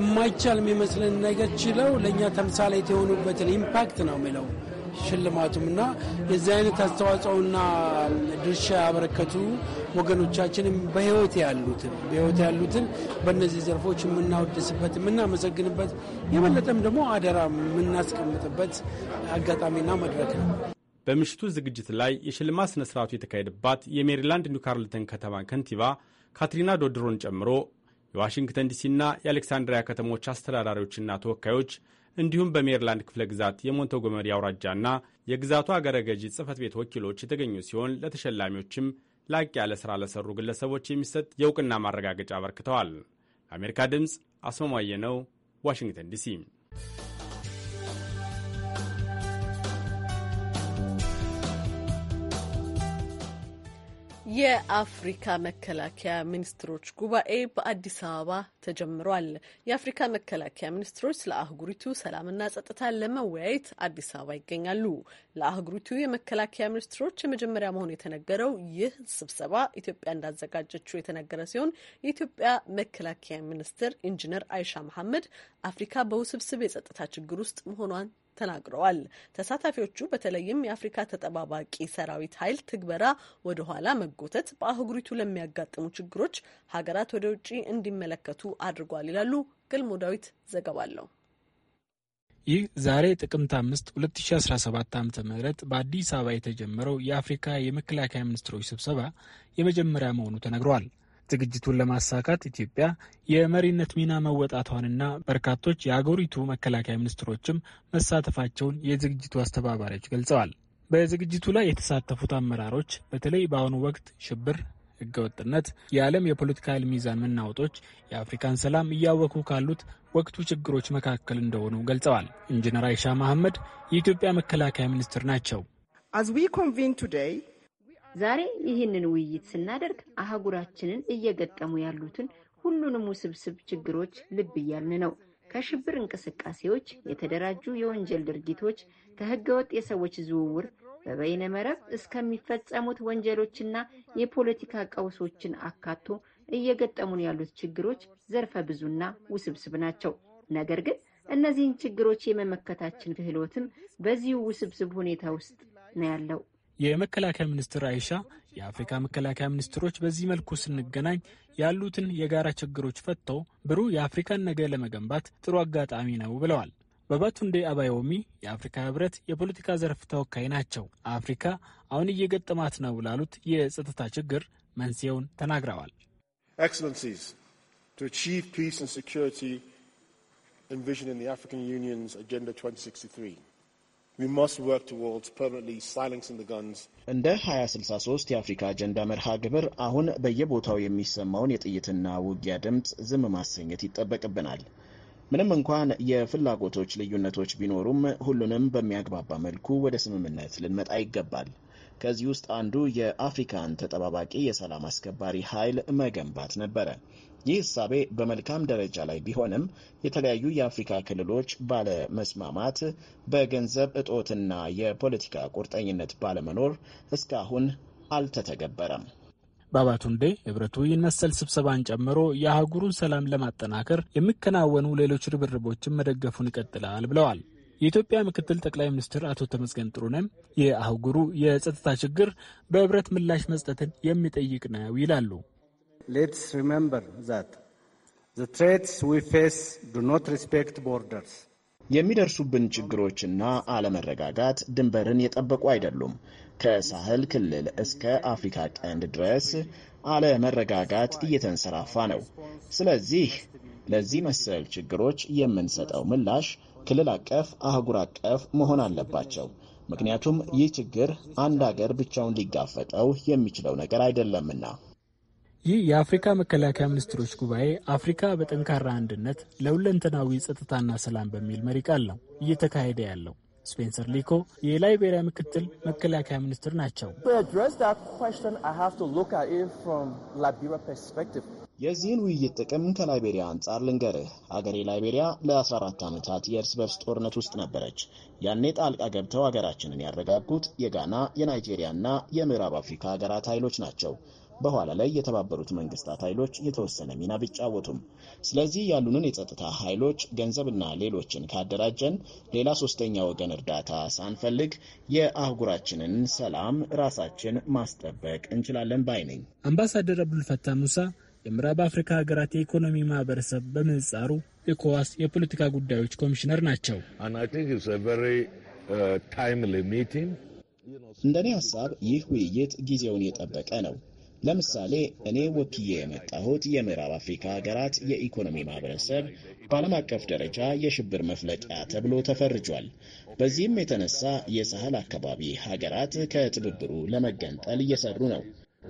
የማይቻል የሚመስልን ነገር ችለው ለእኛ ተምሳሌት የሆኑበትን ኢምፓክት ነው የሚለው ሽልማቱም እና የዚህ አይነት አስተዋጽኦና ድርሻ ያበረከቱ ወገኖቻችንም በህይወት ያሉትን በህይወት ያሉትን በእነዚህ ዘርፎች የምናወድስበት የምናመሰግንበት የበለጠም ደግሞ አደራ የምናስቀምጥበት አጋጣሚና መድረክ ነው። በምሽቱ ዝግጅት ላይ የሽልማት ስነ ስርዓቱ የተካሄደባት የሜሪላንድ ኒውካርልተን ከተማ ከንቲባ ካትሪና ዶድሮን ጨምሮ የዋሽንግተን ዲሲና የአሌክሳንድሪያ ከተሞች አስተዳዳሪዎችና ተወካዮች እንዲሁም በሜሪላንድ ክፍለ ግዛት የሞንቶጎመሪ አውራጃና የግዛቱ አገረ ገዢ ጽህፈት ቤት ወኪሎች የተገኙ ሲሆን ለተሸላሚዎችም ላቅ ያለ ሥራ ለሠሩ ግለሰቦች የሚሰጥ የእውቅና ማረጋገጫ አበርክተዋል። ለአሜሪካ ድምፅ አስማማየ ነው፣ ዋሽንግተን ዲሲ። የአፍሪካ መከላከያ ሚኒስትሮች ጉባኤ በአዲስ አበባ ተጀምሯል። የአፍሪካ መከላከያ ሚኒስትሮች ለአህጉሪቱ ሰላምና ጸጥታ ለመወያየት አዲስ አበባ ይገኛሉ። ለአህጉሪቱ የመከላከያ ሚኒስትሮች የመጀመሪያ መሆኑ የተነገረው ይህ ስብሰባ ኢትዮጵያ እንዳዘጋጀችው የተነገረ ሲሆን የኢትዮጵያ መከላከያ ሚኒስትር ኢንጂነር አይሻ መሐመድ አፍሪካ በውስብስብ የጸጥታ ችግር ውስጥ መሆኗን ተናግረዋል። ተሳታፊዎቹ በተለይም የአፍሪካ ተጠባባቂ ሰራዊት ኃይል ትግበራ ወደ ኋላ መጎተት በአህጉሪቱ ለሚያጋጥሙ ችግሮች ሀገራት ወደ ውጭ እንዲመለከቱ አድርጓል ይላሉ። ገልሞ ዳዊት ዘገባ ይህ ዛሬ ጥቅምት አምስት 2017 ዓ ም በአዲስ አበባ የተጀመረው የአፍሪካ የመከላከያ ሚኒስትሮች ስብሰባ የመጀመሪያ መሆኑ ተነግሯል። ዝግጅቱን ለማሳካት ኢትዮጵያ የመሪነት ሚና መወጣቷንና በርካቶች የአገሪቱ መከላከያ ሚኒስትሮችም መሳተፋቸውን የዝግጅቱ አስተባባሪዎች ገልጸዋል። በዝግጅቱ ላይ የተሳተፉት አመራሮች በተለይ በአሁኑ ወቅት ሽብር፣ ህገወጥነት፣ የዓለም የፖለቲካ ኃይል ሚዛን መናወጦች የአፍሪካን ሰላም እያወኩ ካሉት ወቅቱ ችግሮች መካከል እንደሆኑ ገልጸዋል። ኢንጂነር አይሻ መሐመድ የኢትዮጵያ መከላከያ ሚኒስትር ናቸው። As ዛሬ ይህንን ውይይት ስናደርግ አህጉራችንን እየገጠሙ ያሉትን ሁሉንም ውስብስብ ችግሮች ልብ እያልን ነው። ከሽብር እንቅስቃሴዎች፣ የተደራጁ የወንጀል ድርጊቶች፣ ከህገወጥ የሰዎች ዝውውር በበይነ መረብ እስከሚፈጸሙት ወንጀሎችና የፖለቲካ ቀውሶችን አካቶ እየገጠሙን ያሉት ችግሮች ዘርፈ ብዙና ውስብስብ ናቸው። ነገር ግን እነዚህን ችግሮች የመመከታችን ክህሎትም በዚሁ ውስብስብ ሁኔታ ውስጥ ነው ያለው። የመከላከያ ሚኒስትር አይሻ የአፍሪካ መከላከያ ሚኒስትሮች በዚህ መልኩ ስንገናኝ ያሉትን የጋራ ችግሮች ፈጥተው ብሩህ የአፍሪካን ነገ ለመገንባት ጥሩ አጋጣሚ ነው ብለዋል። በባቱንዴ አባዮሚ የአፍሪካ ህብረት የፖለቲካ ዘርፍ ተወካይ ናቸው። አፍሪካ አሁን እየገጠማት ነው ላሉት የጸጥታ ችግር መንስኤውን ተናግረዋል። ኤክሰለንሲስ ቱ እንደ 2063 የአፍሪካ አጀንዳ መርሃ ግብር አሁን በየቦታው የሚሰማውን የጥይትና ውጊያ ድምፅ ዝም ማሰኘት ይጠበቅብናል። ምንም እንኳን የፍላጎቶች ልዩነቶች ቢኖሩም ሁሉንም በሚያግባባ መልኩ ወደ ስምምነት ልንመጣ ይገባል። ከዚህ ውስጥ አንዱ የአፍሪካን ተጠባባቂ የሰላም አስከባሪ ኃይል መገንባት ነበረ። ይህ እሳቤ በመልካም ደረጃ ላይ ቢሆንም የተለያዩ የአፍሪካ ክልሎች ባለመስማማት በገንዘብ እጦትና የፖለቲካ ቁርጠኝነት ባለመኖር እስካሁን አልተተገበረም። ባባቱንዴ ህብረቱ ይነሰል ስብሰባን ጨምሮ የአህጉሩን ሰላም ለማጠናከር የሚከናወኑ ሌሎች ርብርቦችን መደገፉን ይቀጥላል ብለዋል። የኢትዮጵያ ምክትል ጠቅላይ ሚኒስትር አቶ ተመስገን ጥሩነም የአህጉሩ የጸጥታ ችግር በህብረት ምላሽ መስጠትን የሚጠይቅ ነው ይላሉ። Let's remember that the threats we face do not respect ቦርደርስ የሚደርሱብን ችግሮችና አለመረጋጋት ድንበርን የጠበቁ አይደሉም። ከሳህል ክልል እስከ አፍሪካ ቀንድ ድረስ አለመረጋጋት እየተንሰራፋ ነው። ስለዚህ ለዚህ መሰል ችግሮች የምንሰጠው ምላሽ ክልል አቀፍ፣ አህጉር አቀፍ መሆን አለባቸው። ምክንያቱም ይህ ችግር አንድ አገር ብቻውን ሊጋፈጠው የሚችለው ነገር አይደለምና። ይህ የአፍሪካ መከላከያ ሚኒስትሮች ጉባኤ አፍሪካ በጠንካራ አንድነት ለሁለንተናዊ ጸጥታና ሰላም በሚል መሪ ቃል ነው እየተካሄደ ያለው። ስፔንሰር ሊኮ የላይቤሪያ ምክትል መከላከያ ሚኒስትር ናቸው። የዚህን ውይይት ጥቅም ከላይቤሪያ አንጻር ልንገርህ። አገሬ ላይቤሪያ ለ14 ዓመታት የእርስ በርስ ጦርነት ውስጥ ነበረች። ያኔ ጣልቃ ገብተው ሀገራችንን ያረጋጉት የጋና የናይጄሪያና የምዕራብ አፍሪካ ሀገራት ኃይሎች ናቸው። በኋላ ላይ የተባበሩት መንግስታት ኃይሎች የተወሰነ ሚና ቢጫወቱም፣ ስለዚህ ያሉንን የጸጥታ ኃይሎች ገንዘብና ሌሎችን ካደራጀን ሌላ ሶስተኛ ወገን እርዳታ ሳንፈልግ የአህጉራችንን ሰላም ራሳችን ማስጠበቅ እንችላለን ባይ ነኝ። አምባሳደር አብዱልፈታ ሙሳ የምዕራብ አፍሪካ ሀገራት የኢኮኖሚ ማህበረሰብ በምህጻሩ ኢኮዋስ የፖለቲካ ጉዳዮች ኮሚሽነር ናቸው። uh, እንደኔ ሀሳብ ይህ ውይይት ጊዜውን የጠበቀ ነው። ለምሳሌ እኔ ወክዬ የመጣሁት የምዕራብ አፍሪካ ሀገራት የኢኮኖሚ ማህበረሰብ በዓለም አቀፍ ደረጃ የሽብር መፍለቂያ ተብሎ ተፈርጇል። በዚህም የተነሳ የሳህል አካባቢ ሀገራት ከትብብሩ ለመገንጠል እየሰሩ ነው።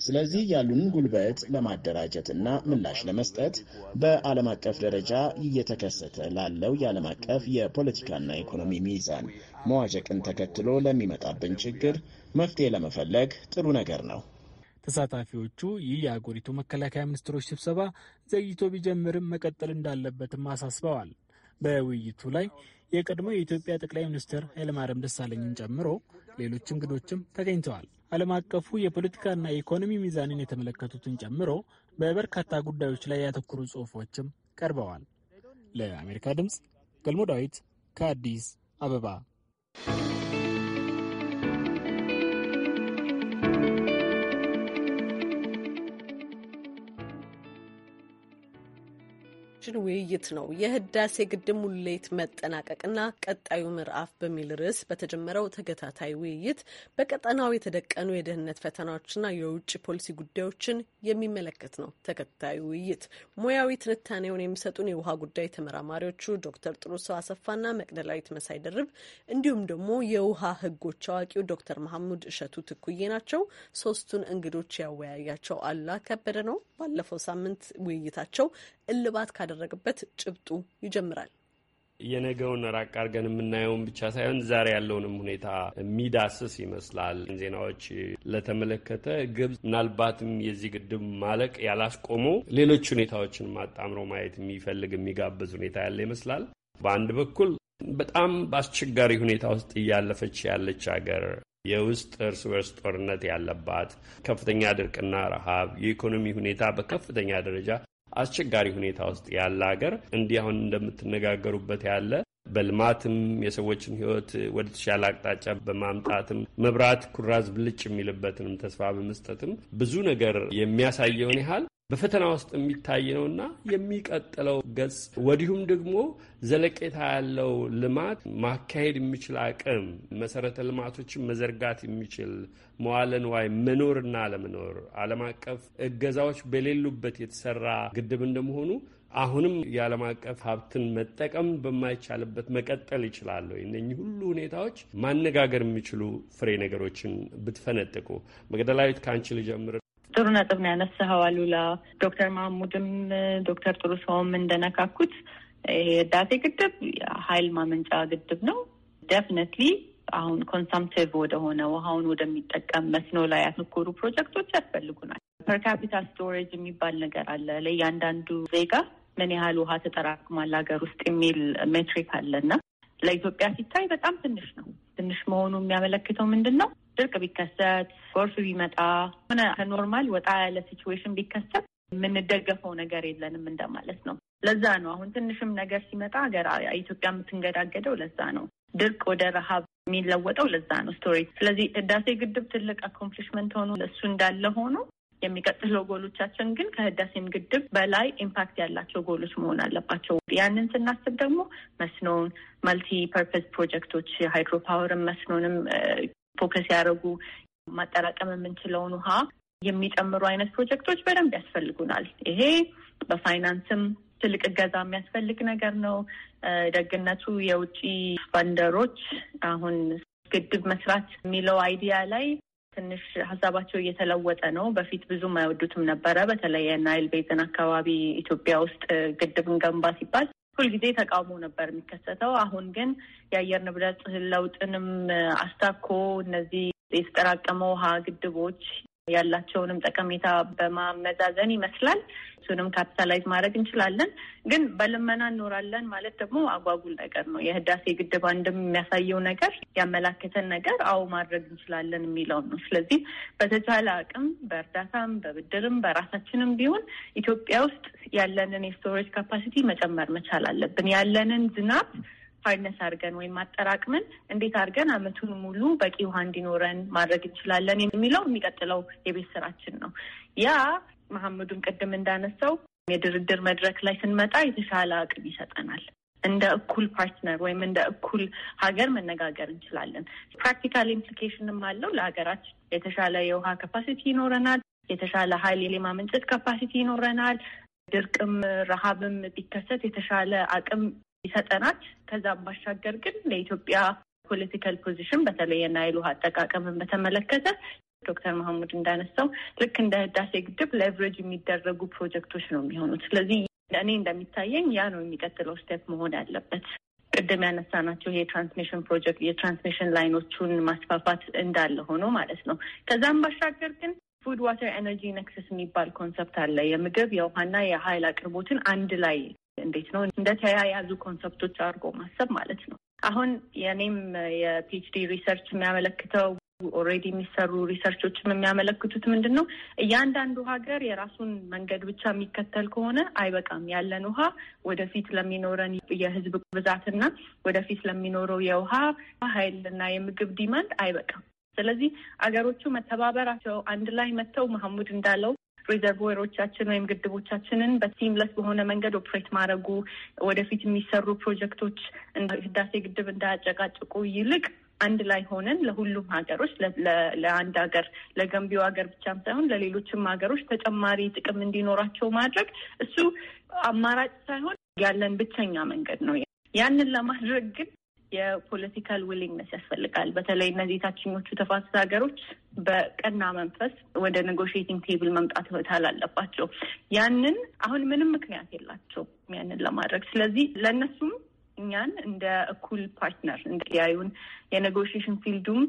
ስለዚህ ያሉንን ጉልበት ለማደራጀት እና ምላሽ ለመስጠት በዓለም አቀፍ ደረጃ እየተከሰተ ላለው የዓለም አቀፍ የፖለቲካና ኢኮኖሚ ሚዛን መዋዠቅን ተከትሎ ለሚመጣብን ችግር መፍትሄ ለመፈለግ ጥሩ ነገር ነው። ተሳታፊዎቹ ይህ የአገሪቱ መከላከያ ሚኒስትሮች ስብሰባ ዘግይቶ ቢጀምርም መቀጠል እንዳለበትም አሳስበዋል። በውይይቱ ላይ የቀድሞ የኢትዮጵያ ጠቅላይ ሚኒስትር ኃይለማርያም ደሳለኝን ጨምሮ ሌሎች እንግዶችም ተገኝተዋል። ዓለም አቀፉ የፖለቲካና የኢኮኖሚ ሚዛንን የተመለከቱትን ጨምሮ በበርካታ ጉዳዮች ላይ ያተኮሩ ጽሑፎችም ቀርበዋል። ለአሜሪካ ድምፅ ገልሞ ዳዊት ከአዲስ አበባ የሚያስችል ውይይት ነው የህዳሴ ግድብ ሙሌት መጠናቀቅና ቀጣዩ ምዕራፍ በሚል ርዕስ በተጀመረው ተከታታይ ውይይት በቀጠናው የተደቀኑ የደህንነት ፈተናዎችና የውጭ ፖሊሲ ጉዳዮችን የሚመለከት ነው። ተከታዩ ውይይት ሙያዊ ትንታኔውን የሚሰጡን የውሃ ጉዳይ ተመራማሪዎቹ ዶክተር ጥሩሰው አሰፋና መቅደላዊት መሳይ ደርብ እንዲሁም ደግሞ የውሃ ህጎች አዋቂው ዶክተር መሐሙድ እሸቱ ትኩዬ ናቸው። ሶስቱን እንግዶች ያወያያቸው አሉላ ከበደ ነው። ባለፈው ሳምንት ውይይታቸው እልባት ካደረገበት ጭብጡ ይጀምራል። የነገውን ራቅ አድርገን የምናየውን ብቻ ሳይሆን ዛሬ ያለውንም ሁኔታ የሚዳስስ ይመስላል። ዜናዎች ለተመለከተ ግብጽ ምናልባትም የዚህ ግድብ ማለቅ ያላስቆሞ ሌሎች ሁኔታዎችን ማጣምሮ ማየት የሚፈልግ የሚጋብዝ ሁኔታ ያለ ይመስላል። በአንድ በኩል በጣም በአስቸጋሪ ሁኔታ ውስጥ እያለፈች ያለች ሀገር የውስጥ እርስ በርስ ጦርነት ያለባት፣ ከፍተኛ ድርቅና ረሃብ፣ የኢኮኖሚ ሁኔታ በከፍተኛ ደረጃ አስቸጋሪ ሁኔታ ውስጥ ያለ ሀገር እንዲህ አሁን እንደምትነጋገሩበት ያለ በልማትም የሰዎችን ሕይወት ወደ ተሻለ አቅጣጫ በማምጣትም መብራት ኩራዝ ብልጭ የሚልበትንም ተስፋ በመስጠትም ብዙ ነገር የሚያሳየውን ያህል በፈተና ውስጥ የሚታይ ነውና የሚቀጥለው ገጽ ወዲሁም ደግሞ ዘለቄታ ያለው ልማት ማካሄድ የሚችል አቅም መሰረተ ልማቶችን መዘርጋት የሚችል መዋለ ንዋይ መኖርና ለመኖር ዓለም አቀፍ እገዛዎች በሌሉበት የተሰራ ግድብ እንደመሆኑ አሁንም የዓለም አቀፍ ሀብትን መጠቀም በማይቻልበት መቀጠል ይችላሉ። እነኚህ ሁሉ ሁኔታዎች ማነጋገር የሚችሉ ፍሬ ነገሮችን ብትፈነጥቁ። መግደላዊት ከአንቺ ልጀምር። ጥሩ ነጥብ ነው ያነሳኸው አሉላ። ዶክተር ማህሙድም ዶክተር ጥሩ ሰውም እንደነካኩት ይሄ ህዳሴ ግድብ ኃይል ማመንጫ ግድብ ነው። ደፍነትሊ አሁን ኮንሳምቲቭ ወደሆነ ውሃውን ወደሚጠቀም መስኖ ላይ ያተኮሩ ፕሮጀክቶች ያስፈልጉናል። ፐርካፒታ ስቶሬጅ የሚባል ነገር አለ። ለእያንዳንዱ ዜጋ ምን ያህል ውሃ ተጠራቅሟል ሀገር ውስጥ የሚል ሜትሪክ አለና ለኢትዮጵያ ሲታይ በጣም ትንሽ ነው። ትንሽ መሆኑ የሚያመለክተው ምንድን ነው? ድርቅ ቢከሰት፣ ጎርፍ ቢመጣ፣ ሆነ ከኖርማል ወጣ ያለ ሲትዌሽን ቢከሰት የምንደገፈው ነገር የለንም እንደማለት ነው። ለዛ ነው አሁን ትንሽም ነገር ሲመጣ ሀገር ኢትዮጵያ የምትንገዳገደው። ለዛ ነው ድርቅ ወደ ረሃብ የሚለወጠው። ለዛ ነው ስቶሪ። ስለዚህ ህዳሴ ግድብ ትልቅ አኮምፕሊሽመንት ሆኖ እሱ እንዳለ ሆኖ የሚቀጥለው ጎሎቻችን ግን ከህዳሴም ግድብ በላይ ኢምፓክት ያላቸው ጎሎች መሆን አለባቸው። ያንን ስናስብ ደግሞ መስኖን፣ መልቲ ፐርፐዝ ፕሮጀክቶች ሃይድሮ ፓወርን መስኖንም ፎከስ ያደረጉ ማጠራቀም የምንችለውን ውሃ የሚጨምሩ አይነት ፕሮጀክቶች በደንብ ያስፈልጉናል። ይሄ በፋይናንስም ትልቅ እገዛ የሚያስፈልግ ነገር ነው። ደግነቱ የውጭ ፋንደሮች አሁን ግድብ መስራት የሚለው አይዲያ ላይ ትንሽ ሀሳባቸው እየተለወጠ ነው። በፊት ብዙም አይወዱትም ነበረ። በተለይ የናይል ቤዝን አካባቢ ኢትዮጵያ ውስጥ ግድብን ገንባ ሲባል ሁልጊዜ ተቃውሞ ነበር የሚከሰተው። አሁን ግን የአየር ንብረት ለውጥንም አስታኮ እነዚህ የተጠራቀመ ውሃ ግድቦች ያላቸውንም ጠቀሜታ በማመዛዘን ይመስላል። እሱንም ካፒታላይዝ ማድረግ እንችላለን። ግን በልመና እንኖራለን ማለት ደግሞ አጓጉል ነገር ነው። የህዳሴ ግድብ አንድም የሚያሳየው ነገር ያመላከተን ነገር አዎ ማድረግ እንችላለን የሚለውን ነው። ስለዚህ በተቻለ አቅም በእርዳታም፣ በብድርም፣ በራሳችንም ቢሆን ኢትዮጵያ ውስጥ ያለንን የስቶሬጅ ካፓሲቲ መጨመር መቻል አለብን። ያለንን ዝናብ ፋርነስ አድርገን ወይም አጠራቅመን እንዴት አድርገን አመቱን ሙሉ በቂ ውሃ እንዲኖረን ማድረግ እንችላለን የሚለው የሚቀጥለው የቤት ስራችን ነው። ያ መሐመዱን ቅድም እንዳነሳው የድርድር መድረክ ላይ ስንመጣ የተሻለ አቅም ይሰጠናል። እንደ እኩል ፓርትነር ወይም እንደ እኩል ሀገር መነጋገር እንችላለን። ፕራክቲካል ኢምፕሊኬሽንም አለው ለሀገራችን። የተሻለ የውሃ ካፓሲቲ ይኖረናል። የተሻለ ኃይል የማመንጨት ካፓሲቲ ይኖረናል። ድርቅም ረሃብም ቢከሰት የተሻለ አቅም ይሰጠናል። ከዛም ባሻገር ግን ለኢትዮጵያ ፖለቲካል ፖዚሽን በተለይ የናይል ውሃ አጠቃቀምን በተመለከተ ዶክተር መሐሙድ እንዳነሳው ልክ እንደ ህዳሴ ግድብ ሌቭሬጅ የሚደረጉ ፕሮጀክቶች ነው የሚሆኑት። ስለዚህ እኔ እንደሚታየኝ ያ ነው የሚቀጥለው ስቴፕ መሆን ያለበት። ቅድም ያነሳናቸው የትራንስሚሽን ፕሮጀክት የትራንስሚሽን ላይኖቹን ማስፋፋት እንዳለ ሆኖ ማለት ነው። ከዛም ባሻገር ግን ፉድ ዋተር ኤነርጂ ነክሰስ የሚባል ኮንሰፕት አለ። የምግብ የውሃና የሀይል አቅርቦትን አንድ ላይ እንዴት ነው እንደተያያዙ ኮንሰፕቶች አድርጎ ማሰብ ማለት ነው። አሁን የኔም የፒኤችዲ ሪሰርች የሚያመለክተው ኦልሬዲ የሚሰሩ ሪሰርቾችም የሚያመለክቱት ምንድን ነው፣ እያንዳንዱ ሀገር የራሱን መንገድ ብቻ የሚከተል ከሆነ አይበቃም። ያለን ውሃ ወደፊት ለሚኖረን የህዝብ ብዛትና ወደፊት ለሚኖረው የውሃ ኃይልና የምግብ ዲማንድ አይበቃም። ስለዚህ አገሮቹ መተባበራቸው አንድ ላይ መጥተው መሐሙድ እንዳለው ሪዘርቮሮቻችን ወይም ግድቦቻችንን በሲምለስ በሆነ መንገድ ኦፕሬት ማድረጉ ወደፊት የሚሰሩ ፕሮጀክቶች ህዳሴ ግድብ እንዳያጨቃጭቁ ይልቅ አንድ ላይ ሆነን ለሁሉም ሀገሮች ለአንድ ሀገር ለገንቢው ሀገር ብቻም ሳይሆን ለሌሎችም ሀገሮች ተጨማሪ ጥቅም እንዲኖራቸው ማድረግ እሱ አማራጭ ሳይሆን ያለን ብቸኛ መንገድ ነው። ያንን ለማድረግ ግን የፖለቲካል ዊሊንግነስ ያስፈልጋል። በተለይ እነዚህ ታችኞቹ ተፋሰስ ሀገሮች በቀና መንፈስ ወደ ኔጎሽቲንግ ቴብል መምጣት ህታል አለባቸው። ያንን አሁን ምንም ምክንያት የላቸው ያንን ለማድረግ። ስለዚህ ለእነሱም እኛን እንደ እኩል ፓርትነር እንዲያዩን የኔጎሽሽን ፊልዱም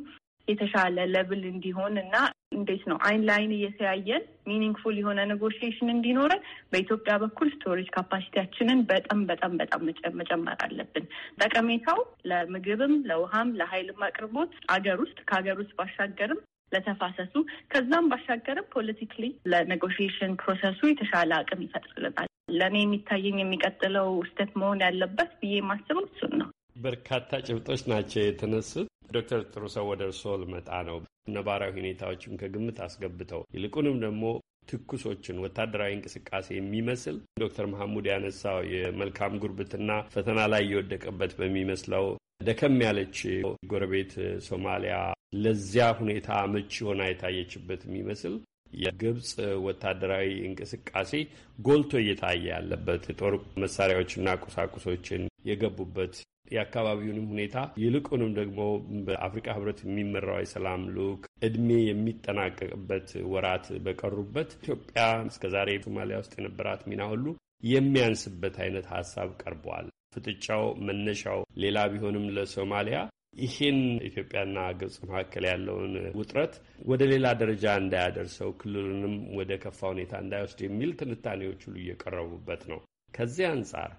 የተሻለ ሌቭል እንዲሆን እና እንዴት ነው አይን ለአይን እየተያየን ሚኒንግፉል የሆነ ኔጎሽሽን እንዲኖረን በኢትዮጵያ በኩል ስቶሬጅ ካፓሲቲያችንን በጣም በጣም በጣም መጨመር አለብን። ጠቀሜታው ለምግብም፣ ለውሃም፣ ለሀይልም አቅርቦት አገር ውስጥ ከሀገር ውስጥ ባሻገርም ለተፋሰሱ ከዛም ባሻገርም ፖለቲካሊ ለኔጎሽሽን ፕሮሰሱ የተሻለ አቅም ይፈጥርልናል። ለእኔ የሚታየኝ የሚቀጥለው ስቴፕ መሆን ያለበት ብዬ የማስበው እሱን ነው። በርካታ ጭብጦች ናቸው የተነሱት። ዶክተር ሰው ወደ እርስዎ ልመጣ ነው። ነባራዊ ሁኔታዎችን ከግምት አስገብተው ይልቁንም ደግሞ ትኩሶችን ወታደራዊ እንቅስቃሴ የሚመስል ዶክተር መሐሙድ ያነሳው የመልካም ጉርብትና ፈተና ላይ እየወደቀበት በሚመስለው ደከም ያለች ጎረቤት ሶማሊያ ለዚያ ሁኔታ አመቺ ሆና የታየችበት የሚመስል የግብፅ ወታደራዊ እንቅስቃሴ ጎልቶ እየታየ ያለበት የጦር መሳሪያዎችና ቁሳቁሶችን የገቡበት የአካባቢውንም ሁኔታ ይልቁንም ደግሞ በአፍሪካ ሕብረት የሚመራው የሰላም ልዑክ እድሜ የሚጠናቀቅበት ወራት በቀሩበት ኢትዮጵያ እስከዛሬ ሶማሊያ ውስጥ የነበራት ሚና ሁሉ የሚያንስበት አይነት ሀሳብ ቀርቧል። ፍጥጫው መነሻው ሌላ ቢሆንም ለሶማሊያ ይህን ኢትዮጵያና ግብጽ መካከል ያለውን ውጥረት ወደ ሌላ ደረጃ እንዳያደርሰው ክልሉንም ወደ ከፋ ሁኔታ እንዳይወስድ የሚል ትንታኔዎች ሁሉ እየቀረቡበት ነው። ከዚህ አንጻር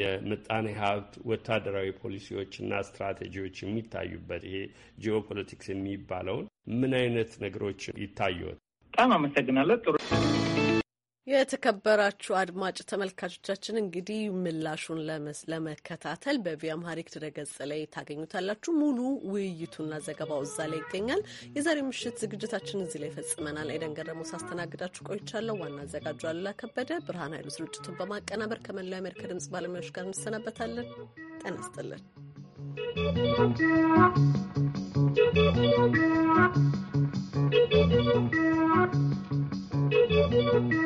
የምጣኔ ሀብት ወታደራዊ ፖሊሲዎችና ስትራቴጂዎች የሚታዩበት ይሄ ጂኦፖለቲክስ የሚባለውን ምን አይነት ነገሮች ይታዩት? በጣም አመሰግናለሁ። ጥሩ የተከበራችሁ አድማጭ ተመልካቾቻችን እንግዲህ ምላሹን ለመከታተል በቪ አምሃሪክ ድረገጽ ላይ ታገኙታላችሁ። ሙሉ ውይይቱና ዘገባው እዛ ላይ ይገኛል። የዛሬ ምሽት ዝግጅታችን እዚህ ላይ ፈጽመናል። አይደን ገረመው ሳስተናግዳችሁ ቆይቻለሁ። ዋና አዘጋጁ አሉላ ከበደ፣ ብርሃን ኃይሉ ስርጭቱን በማቀናበር ከመላው የአሜሪካ ድምጽ ባለሙያዎች ጋር እንሰናበታለን። ጤና ይስጥልን።